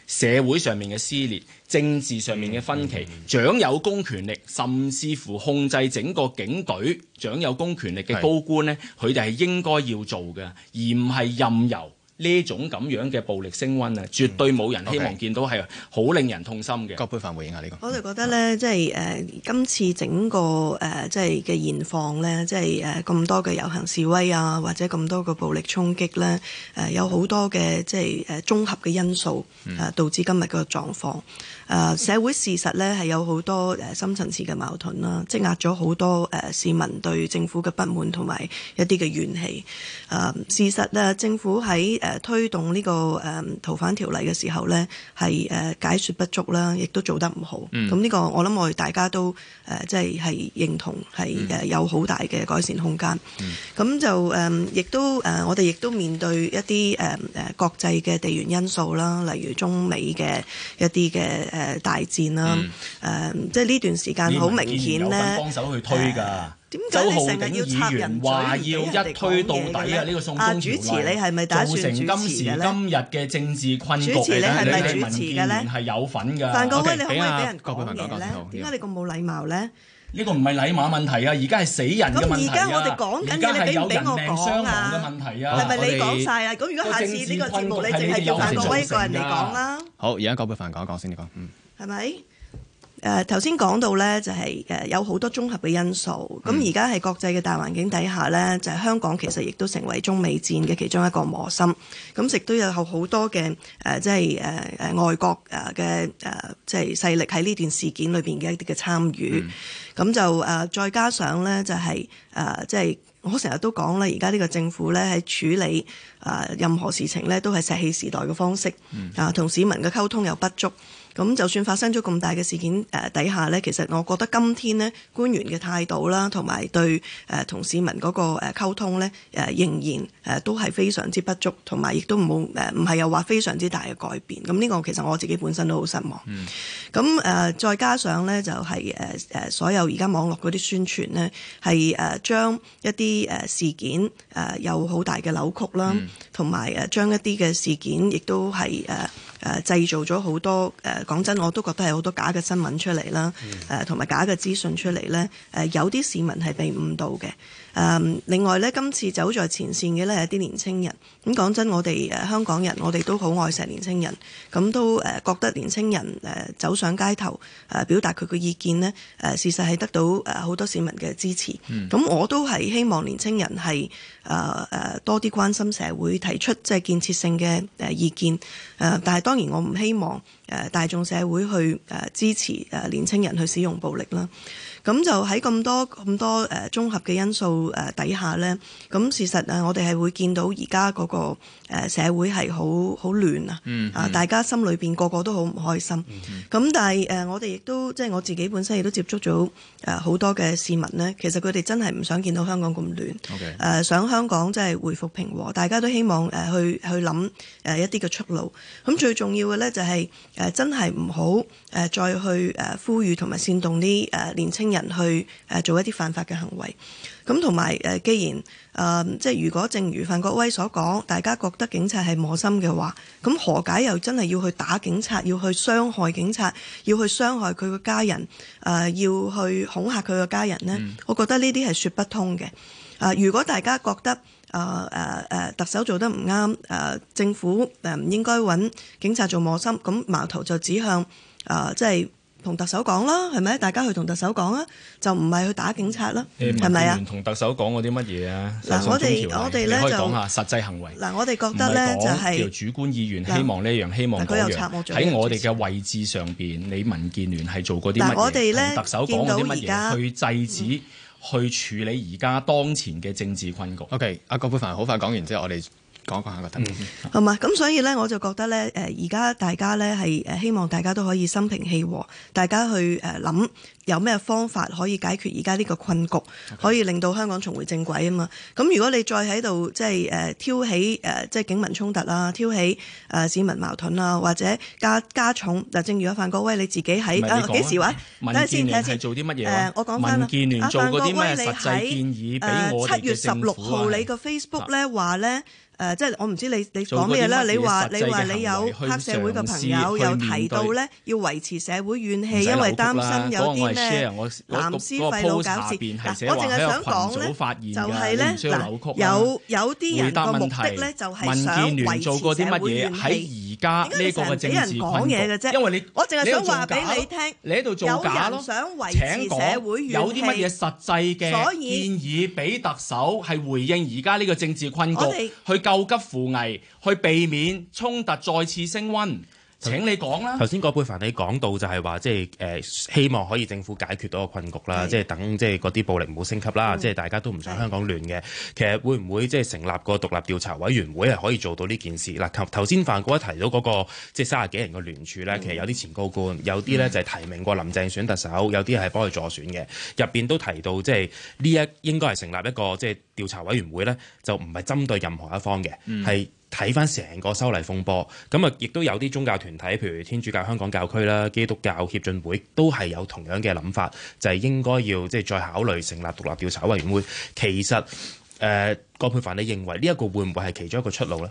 社會上面嘅撕裂、政治上面嘅分歧、嗯嗯、掌有公權力，甚至乎控制整個警隊，掌有公權力嘅高官咧，佢哋係應該要做嘅，而唔係任由。呢種咁樣嘅暴力升溫啊，嗯、絕對冇人希望見到係好 Okay. 令人痛心嘅。葛珮帆回應啊，呢、這個我就覺得咧，嗯、即係誒、呃、今次整個誒、呃、即係嘅現況咧，即係誒咁多嘅遊行示威啊，或者咁多嘅暴力衝擊咧，誒、呃、有好多嘅即係誒綜合嘅因素誒、呃、導致今日個狀況。誒、呃、社會事實咧係有好多誒深層次嘅矛盾啦，積壓咗好多誒市民對政府嘅不滿同埋一啲嘅怨氣。誒、呃、事實啊，政府喺誒推動呢、這個誒、嗯、逃犯條例嘅時候咧，係誒、啊、解說不足啦，亦都做得唔好。咁呢、嗯、個我諗我哋大家都誒即係係認同係誒、呃、有好大嘅改善空間。咁、嗯嗯、就誒亦、呃、都誒、呃、我哋亦都面對一啲誒誒國際嘅地緣因素啦，例如中美嘅一啲嘅誒大戰啦。誒、嗯呃、即係呢段時間好明顯咧，幫手去推噶。周道要議員話要一推到底啊！呢個送中行為，造成今時今日嘅政治困局嘅咧。你係民建聯係有份㗎。范國威，你可唔可以俾人講嘅咧？點解你咁冇禮貌咧？呢個唔係禮貌問題，嗯、啊！而家係死人嘅問題啊！咁而家我哋講緊嘅，你俾唔俾我講啊？係咪你講晒啦？咁如果下次呢個節目你淨係叫范國威個人嚟講啦？好，而家交俾范講一講先，你講，嗯。係咪？誒頭先講到咧，就係誒有好多綜合嘅因素。咁而家喺國際嘅大環境底下咧，就係、是、香港其實亦都成為中美戰嘅其中一個磨心。咁亦都有好多嘅誒、呃，即係誒誒外國誒嘅誒，即係勢力喺呢段事件裏邊嘅一啲嘅參與。咁、嗯、就誒、呃、再加上咧、就是呃，就係誒即係我成日都講咧，而家呢個政府咧喺處理誒、呃、任何事情咧，都係石器時代嘅方式。啊、呃，同市民嘅溝通又不足。咁就算發生咗咁大嘅事件誒底下咧，其實我覺得今天咧，官員嘅態度啦，同埋對誒同市民嗰個誒溝通咧，誒仍然誒都係非常之不足，同埋亦都冇誒唔係有話非常之大嘅改變。咁、這、呢個其實我自己本身都好失望。咁誒、嗯、再加上咧，就係誒誒所有而家網絡嗰啲宣傳咧，係誒將一啲誒事件誒有好大嘅扭曲啦，同埋誒將一啲嘅事件亦都係誒。誒、呃、製造咗好多誒，講、呃、真我都覺得係好多假嘅新聞出嚟啦，誒同埋假嘅資訊出嚟咧，誒、呃、有啲市民係被誤導嘅。誒另外咧，今次走在前線嘅咧係一啲年青人。咁講真，我哋誒香港人，我哋都好愛錫年青人。咁都誒覺得年青人誒走上街頭誒表達佢嘅意見咧，誒事實係得到誒好多市民嘅支持。咁、嗯嗯、我都係希望年青人係誒誒多啲關心社會，提出即係建設性嘅誒意見。誒但係當然我唔希望誒大眾社會去誒支持誒年青人去使用暴力啦。咁就喺咁多咁多誒、呃、綜合嘅因素誒底下咧，咁、呃、事實啊，我哋係會見到而家嗰個。誒社會係好好亂啊！啊，嗯、哼大家心裏邊個個都好唔開心。咁、嗯、哼但係誒、呃，我哋亦都即係我自己本身亦都接觸咗誒好多嘅市民呢。其實佢哋真係唔想見到香港咁亂。誒 Okay.、呃、想香港即係回復平和，大家都希望誒、呃、去去諗誒、呃、一啲嘅出路。咁、呃、最重要嘅呢、就是，就係誒真係唔好誒再去誒、呃、呼籲同埋煽動啲誒年青人去誒做一啲犯法嘅行為。咁同埋誒，既然誒、呃，即係如果正如范國威所講，大家覺得警察係磨心嘅話，咁何解又真係要去打警察，要去傷害警察，要去傷害佢嘅家人，誒、呃，要去恐嚇佢嘅家人呢？嗯、我覺得呢啲係說不通嘅。啊、呃，如果大家覺得誒誒誒特首做得唔啱，誒、呃、政府誒唔應該揾警察做磨心，咁矛頭就指向誒、呃，即係。同特首講啦，係咪？大家去同特首講啊，就唔係去打警察啦，係咪啊？民建聯同特首講過啲乜嘢啊？嗱、嗯，我哋我哋咧就講下實際行為嗱，我哋覺得咧就係叫做主觀意願，希望呢一樣，嗯、希望嗰一樣喺我哋嘅位置上邊，嗯、你民建聯係做過啲乜嘢，同特首講過啲乜嘢去制止，去處理而家當前嘅政治困局？嗯、OK，阿葛珮帆好快講完之後，我哋。講翻下個睇法，係嘛？咁、嗯嗯、所以咧，我就覺得咧，誒而家大家咧係誒希望大家都可以心平氣和，大家去誒諗有咩方法可以解決而家呢個困局，可以令到香港重回正軌啊嘛。咁如果你再喺度即係誒挑起誒即係警民衝突啦，挑起誒、啊、市民矛盾啦，或者加加重嗱，正如阿范國威你自己喺幾時話？等下先，等下先。做啲乜嘢？誒，我講翻啦。范國威，你喺誒七月十六號，你個 Facebook 咧話咧。是誒、嗯，即係我唔知你你講咩啦？你話你話你有黑社會嘅朋友，有提到咧要維持社會怨氣， [music] 因為擔心有啲咩藍絲廢老搞事。啊、我淨係想講咧，就係咧，有有啲人個目的咧，就係想維持社會怨氣。而家呢個政治困局嘅啫，因為你我淨係想話俾你聽，你喺度做假咯。請講社會有啲乜嘢實際嘅建議俾特首係回應而家呢個政治困局？救急扶危，去避免衝突再次升溫。請你講啦。頭先葛珮帆你講到就係話，即係誒希望可以政府解決到個困局啦，即係等即係嗰啲暴力唔好升級啦，即係、嗯、大家都唔想香港亂嘅。的其實會唔會即係成立個獨立調查委員會係可以做到呢件事？嗱，頭頭先范哥一提到嗰、那個即係三十幾人個聯署咧，嗯、其實有啲前高官，有啲咧就係提名過林鄭選特首，有啲係幫佢助選嘅。入邊都提到即係呢一應該係成立一個即係調查委員會咧，就唔係針對任何一方嘅，係、嗯。睇返成個修例風波，咁啊，亦都有啲宗教團體，譬如天主教香港教區啦、基督教協進會，都係有同樣嘅諗法，就係、是、應該要即係再考慮成立獨立調查委員會。其實，誒、呃，葛珮帆，你認為呢一、這個會唔會係其中一個出路呢？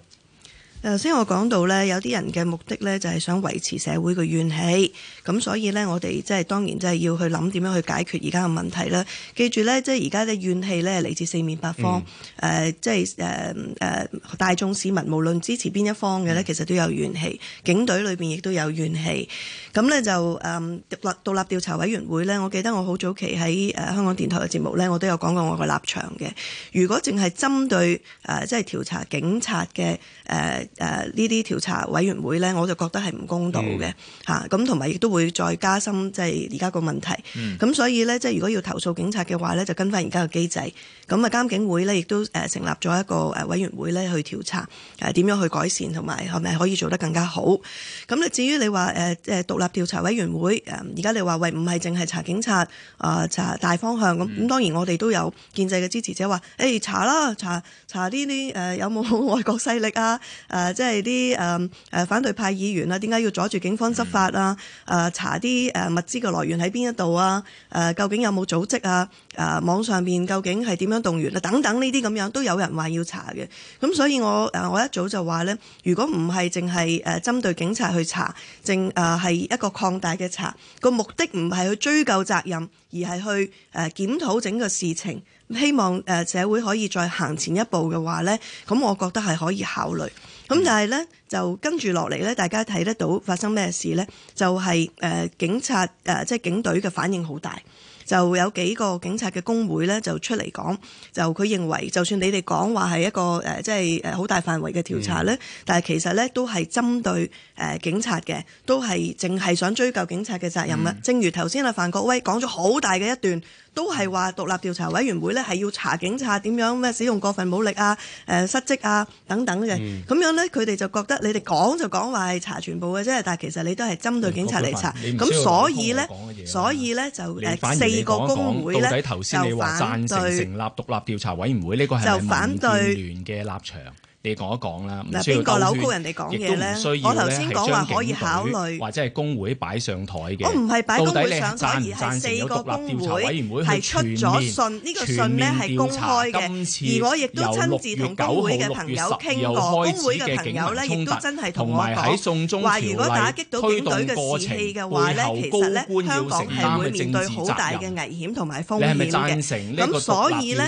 頭先我講到咧，有啲人嘅目的咧就係想維持社會嘅怨氣，咁所以咧我哋即係當然即係要去諗點樣去解決而家嘅問題啦。記住咧，即係而家嘅怨氣咧嚟自四面八方，誒、嗯呃、即係誒誒大眾市民，無論支持邊一方嘅咧，其實都有怨氣，警隊裏邊亦都有怨氣。咁咧就誒獨立、呃、獨立調查委員會咧，我記得我好早期喺誒香港電台嘅節目咧，我都有講過我嘅立場嘅。如果淨係針對誒、呃、即係調查警察嘅誒。呃誒呢啲調查委員會咧，我就覺得係唔公道嘅吓，咁同埋亦都會再加深即係而家個問題。咁、嗯啊、所以咧，即係如果要投訴警察嘅話咧，就跟返而家嘅機制。咁啊，監警會咧亦都誒成立咗一個誒委員會咧去調查，誒、啊、點樣去改善同埋係咪可以做得更加好？咁咧，至於你話誒誒獨立調查委員會誒，而家你話喂唔係淨係查警察啊、呃、查大方向咁，咁、嗯啊、當然我哋都有建制嘅支持者話：誒查啦，查查呢啲誒有冇外國勢力啊？誒、啊，即係啲誒誒反對派議員啦、啊，點解要阻住警方執法啊？誒、啊，查啲誒物資嘅來源喺邊一度啊？誒、啊，究竟有冇組織啊？誒、啊，網上邊究竟係點樣動員啊？等等呢啲咁樣都有人話要查嘅。咁所以我誒我一早就話咧，如果唔係淨係誒針對警察去查，淨誒係一個擴大嘅查，個目的唔係去追究責任，而係去誒檢討整個事情。希望誒社會可以再行前一步嘅話咧，咁我覺得係可以考慮。咁、嗯、但係咧就跟住落嚟咧，大家睇得到發生咩事咧？就係、是、誒、呃、警察誒、呃，即係警隊嘅反應好大，就有幾個警察嘅工會咧就出嚟講，就佢認為就算你哋講話係一個誒、呃，即係誒好大範圍嘅調查咧，嗯、但係其實咧都係針對誒、呃、警察嘅，都係淨係想追究警察嘅責任啊！嗯、正如頭先阿范國威講咗好大嘅一段。都係話獨立調查委員會咧，係要查警察點樣咩使用過分武力啊、誒、呃、失職啊等等嘅。咁、嗯、樣咧，佢哋就覺得你哋講就講話係查全部嘅啫，但係其實你都係針對警察嚟查。咁所以咧所以咧就誒反四個工會咧就反對成立獨立調查委員會呢個係民建聯嘅立場。你講一講啦，唔需要當面亦都唔需要咧。可以考慮，或者係工會擺上台嘅。我唔係擺工會上台而係四個工會係出咗信，呢個信咧係公開嘅。而我亦都親自同工會嘅朋友傾過，工會嘅朋友咧亦都真係同我講話。如果打擊到警隊嘅士氣嘅話咧，其實咧香港係會面對好大嘅危險同埋風險嘅。咁所以咧，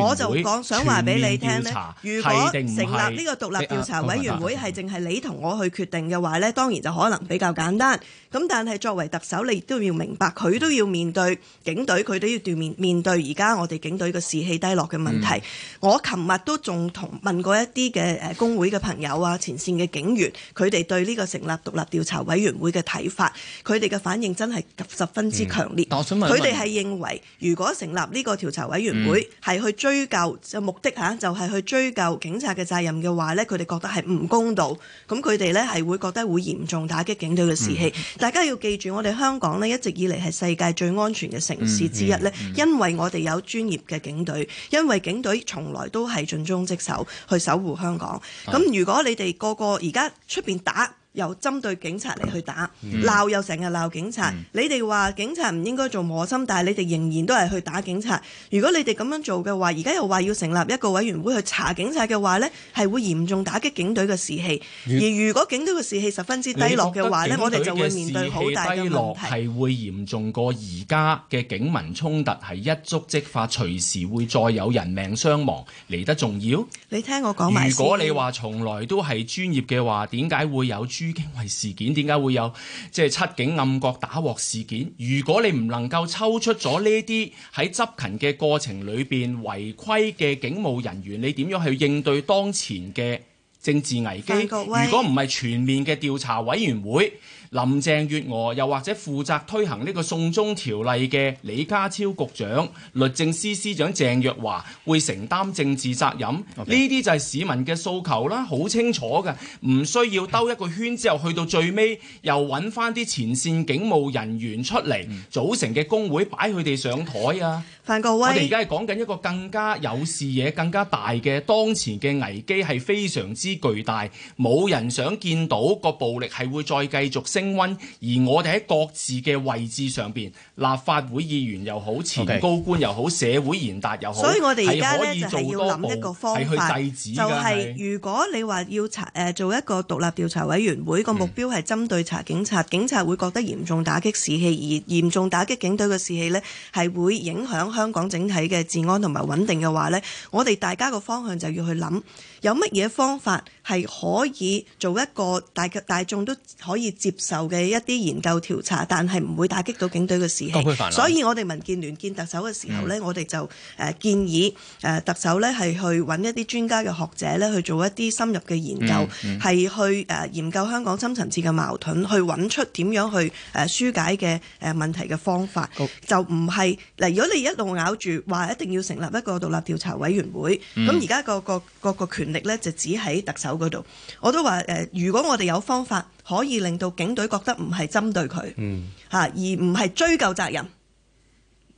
我就講想話俾你聽咧，如果成。立呢個獨立調查委員會係淨係你同我去決定嘅話咧，當然就可能比較簡單，咁但係作為特首，你都要明白，佢都要面對警隊，佢都要對面面對而家我哋警隊嘅士氣低落嘅問題，嗯、我琴日都仲同問過一啲嘅誒工會嘅朋友啊、前線嘅警員，佢哋對呢個成立獨立調查委員會嘅睇法，佢哋嘅反應真係十分之強烈。佢哋係認為如果成立呢個調查委員會係去追究，就、嗯、目的吓，就係去追究警察嘅責任。嘅話咧，佢哋覺得係唔公道，咁佢哋咧係會覺得會嚴重打擊警隊嘅士氣。Mm hmm. 大家要記住，我哋香港咧一直以嚟係世界最安全嘅城市之一咧，mm hmm. mm hmm. 因為我哋有專業嘅警隊，因為警隊從來都係盡忠職守去守護香港。咁如果你哋個個而家出面打，又針對警察嚟去打鬧，嗯、又成日鬧警察。嗯、你哋話警察唔應該做磨心，但係你哋仍然都係去打警察。如果你哋咁樣做嘅話，而家又話要成立一個委員會去查警察嘅話呢，係會嚴重打擊警隊嘅士氣。而如果警隊嘅士氣十分之低落嘅話呢，我哋就會面對好大嘅問題。低落係會嚴重過而家嘅警民衝突係一觸即發，隨時會再有人命傷亡嚟得重要。你聽我講埋。如果你話從來都係專業嘅話，點解會有朱經緯事件，點解會有即係七警暗角打鑊事件？如果你唔能夠抽出咗呢啲喺執勤嘅過程裏邊違規嘅警務人員，你點樣去應對當前嘅政治危機？如果唔係全面嘅調查委員會。林鄭月娥又或者負責推行呢個送中條例嘅李家超局長、律政司司長鄭若驊，會承擔政治責任，呢啲 Okay. 就係市民嘅訴求啦，好清楚㗎，唔需要兜一個圈之後去到最尾又揾翻啲前線警務人員出嚟組成嘅工會擺佢哋上台啊！范國威！我哋而家係講緊一個更加有視野、更加大嘅當前嘅危機係非常之巨大，冇人想見到個暴力係會再繼續升。溫，而我哋喺各自嘅位置上邊，立法會議員又好，前高官又好，社會賢達又好，所以我哋而家咧就係要諗一個方法，就係如果你話要查誒、呃、做一個獨立調查委員會，個目標係針對查警察，警察會覺得嚴重打擊士氣，而嚴重打擊警隊嘅士氣咧，係會影響香港整體嘅治安同埋穩定嘅話咧，我哋大家個方向就要去諗有乜嘢方法。係可以做一個大大眾都可以接受嘅一啲研究調查，但係唔會打擊到警隊嘅士氣。所以，我哋民建聯見特首嘅時候呢、嗯、我哋就誒建議誒特首呢係去揾一啲專家嘅學者呢去做一啲深入嘅研究，係、嗯嗯、去誒研究香港深層次嘅矛盾，去揾出點樣去誒疏解嘅誒問題嘅方法。國就唔係嗱，如果你一路咬住話一定要成立一個獨立調查委員會，咁而家個個個個,個權力呢就只喺特首。度，我都話誒，如果我哋有方法可以令到警隊覺得唔係針對佢，吓、嗯、而唔係追究責任，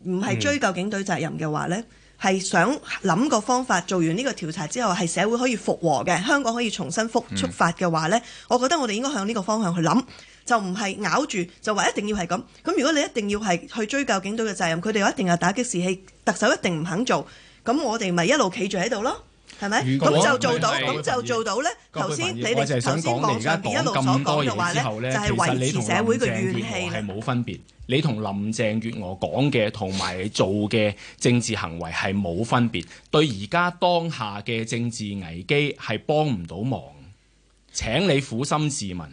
唔係追究警隊責任嘅話咧，係、嗯、想諗個方法，做完呢個調查之後，係社會可以復和嘅，香港可以重新復出發嘅話咧，嗯、我覺得我哋應該向呢個方向去諗，就唔係咬住就話一定要係咁。咁如果你一定要係去追究警隊嘅責任，佢哋一定係打擊士氣，特首一定唔肯做，咁我哋咪一路企住喺度咯。係咪？咁就做到，咁就做到咧。頭先你哋就係想講，你而家講咁多嘢之後咧，就係維持社會嘅怨氣，其實你同係冇分別。你同林鄭月娥講嘅同埋做嘅政治行為係冇分別，對而家當下嘅政治危機係幫唔到忙。請你苦心自問。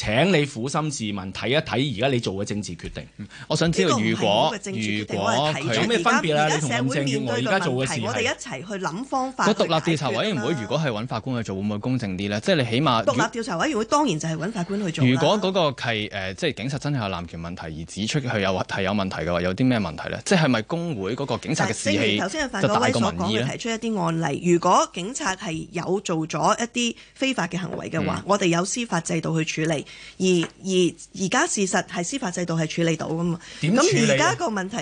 請你苦心自問，睇一睇而家你做嘅政治決定，嗯。我想知道，如果如果佢有咩分別啦？你同林鄭月娥，我而家做嘅事係我哋一齊去諗方法。個獨立調查委員會如果係揾法官去做，會唔會公正啲咧？即係你起碼獨立調查委員會當然就係揾法官去做。如果嗰個係即係警察真係有濫權問題而指出佢有係有問題嘅話，有啲咩問題咧？即係咪工會嗰個警察嘅士氣就大過民意提出一啲案例，如果警察係有做咗一啲非法嘅行為嘅話，嗯、我哋有司法制度去處理。而而而家事實係司法制度係處理到噶嘛？點處理？咁而家個問題，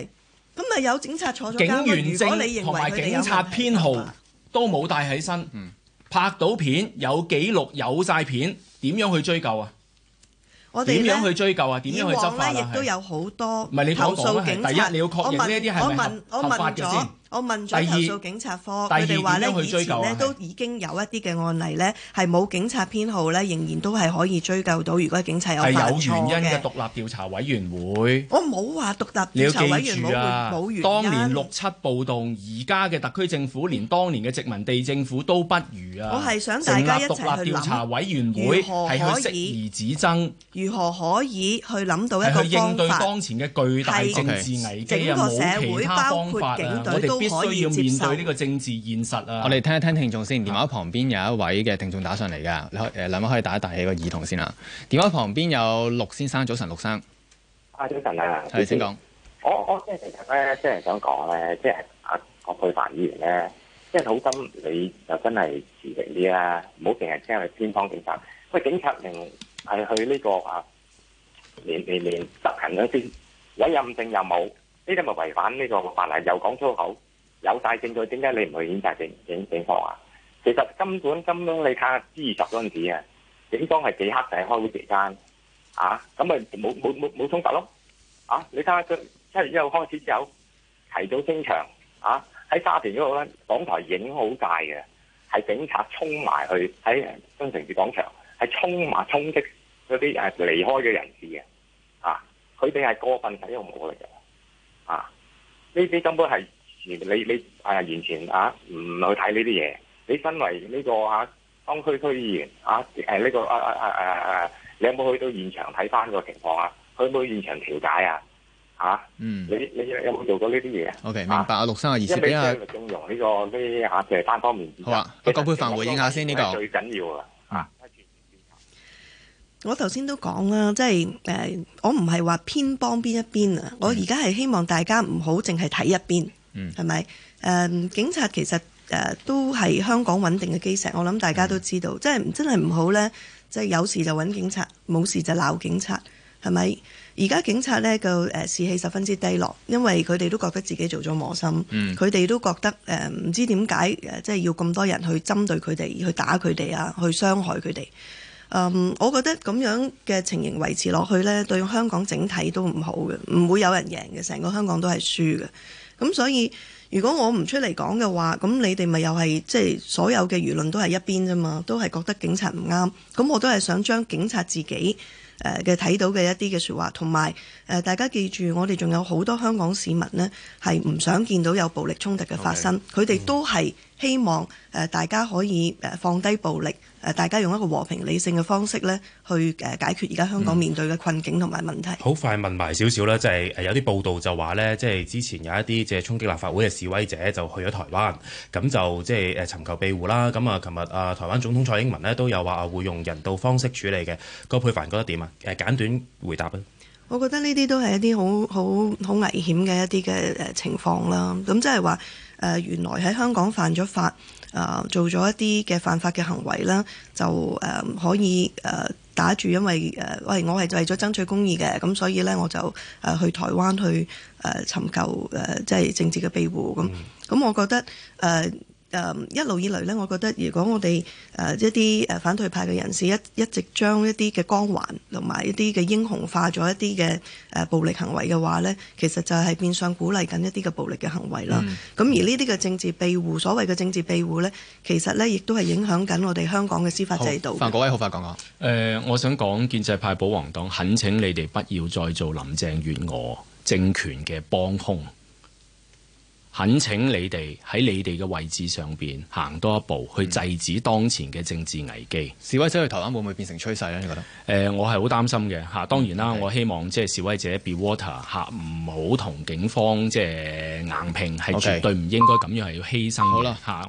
咁咪有警察坐咗監？警員如果你認為警察編號都冇帶起身，嗯、拍到片有記錄有晒片，點樣去追究啊？我哋點樣去追究啊？咧以以往咧亦是都有好多投訴警，你警察第一你要確認呢啲係咪合法嘅先。我問咗投訴警察科，佢哋話咧，以前咧都已經有一啲嘅案例咧，係冇警察編號咧，仍然都係可以追究到。如果警察有犯錯嘅。係有原因嘅獨立調查委員會，我冇話獨立調查委員會冇原因。當年六七暴動，而家嘅特區政府連當年嘅殖民地政府都不如啊！我係想大家一齊去調查委員會如何可以？指如何可以去諗到一個方法？係去應對當前嘅巨大政治危機，冇其他方法啊！我哋。必須要面對呢個政治現實啊！我哋聽一聽聽眾先。電話旁邊有一位嘅聽眾打上嚟噶，你可誒，兩位可以打一打起個耳筒先啊。電話旁邊有陸先生，早晨，陸生。啊，早晨啊，係請講。我我即係其實咧，即係想講咧，即係阿葛珮帆議員呢，即係好心，你又真係持平啲啊，唔好成日聽佢偏方警察。喂，警察明係去呢、這個啊，年年年執行咗先，委任證又冇，呢啲咪違反呢個法例，又講粗口。有晒證據，點解你唔去譴責警警警方啊？其實根本根本你，你睇下事實嗰陣時啊，警方係幾黑仔開會期間啊，咁咪冇冇冇冇衝突咯？啊，你睇下七七月一號開始之後提早清場啊，喺沙田嗰度咧，港台影好大嘅，係警察衝埋去喺新城市廣場，係衝埋衝擊嗰啲誒離開嘅人士嘅啊，佢哋係過分使用武力嘅啊，呢啲根本係。你你啊完全啊唔去睇呢啲嘢。你身為呢個啊當區區議員啊誒呢個啊啊啊啊啊，你有冇去到現場睇翻個情況啊？有去冇去現場調解啊？嚇嗯，你你有冇做過呢啲嘢啊？OK，明白啊。陸生嘅意思，即係俾三個鐘用呢個呢下嘅單方面。好啊，葛珮帆回應下先呢個最。最緊要啊！啊，我頭先都講啦，即係誒，我唔係話偏幫邊一邊啊。我而家係希望大家唔好淨係睇一邊。係咪？誒、嗯、警察其實誒、呃、都係香港穩定嘅基石，我諗大家都知道，即係、嗯、真係唔好呢。即係有事就揾警察，冇事就鬧警察，係咪？而家警察呢，個、呃、誒士氣十分之低落，因為佢哋都覺得自己做咗磨心，佢哋、嗯、都覺得誒唔、呃、知點解即係要咁多人去針對佢哋，去打佢哋啊，去傷害佢哋、呃。我覺得咁樣嘅情形維持落去呢，對香港整體都唔好嘅，唔會有人贏嘅，成個香港都係輸嘅。咁所以，如果我唔出嚟講嘅話，咁你哋咪又係即係所有嘅輿論都係一邊啫嘛，都係覺得警察唔啱。咁我都係想將警察自己誒嘅睇到嘅一啲嘅說話同埋誒大家記住，我哋仲有好多香港市民咧，係唔想見到有暴力衝突嘅發生，佢哋 Okay. 都係。希望誒大家可以誒放低暴力，誒大家用一個和平理性嘅方式咧，去誒解決而家香港面對嘅困境同埋問題。好快問埋少少啦，即係誒有啲報道就話咧，即係之前有一啲即係衝擊立法會嘅示威者就去咗台灣，咁就即係誒尋求庇護啦。咁啊，琴日啊，台灣總統蔡英文呢都有話啊，會用人道方式處理嘅。葛珮帆覺得點啊？誒簡短回答啊，我覺得呢啲都係一啲好好好危險嘅一啲嘅誒情況啦。咁即係話。誒原來喺香港犯咗法，誒、呃、做咗一啲嘅犯法嘅行為啦，就誒、呃、可以誒、呃、打住，因為誒喂、呃，我係為咗爭取公義嘅，咁所以咧我就誒、呃、去台灣去誒尋求誒即係政治嘅庇護咁，咁、 [music] 嗯嗯、我覺得誒。呃誒、um, 一路以嚟咧，我覺得如果我哋誒、呃、一啲誒反對派嘅人士一一直將一啲嘅光環同埋一啲嘅英雄化咗一啲嘅誒暴力行為嘅話呢，其實就係變相鼓勵緊一啲嘅暴力嘅行為啦。咁、嗯、而呢啲嘅政治庇護，所謂嘅政治庇護呢，其實呢亦都係影響緊我哋香港嘅司法制度。范國威好快講講。誒，我想講建制派保皇黨，懇請你哋不要再做林鄭月娥政權嘅幫凶。懇請你哋喺你哋嘅位置上邊行多一步，去制止當前嘅政治危機。嗯、示威者去台灣會唔會變成趨勢咧？你覺得？誒，我係好擔心嘅嚇。當然啦，嗯、我希望即係示威者 be water 嚇，唔好同警方即係、就是、硬拼，係絕對唔應該咁樣，係要犧牲嘅嚇。好啦嗯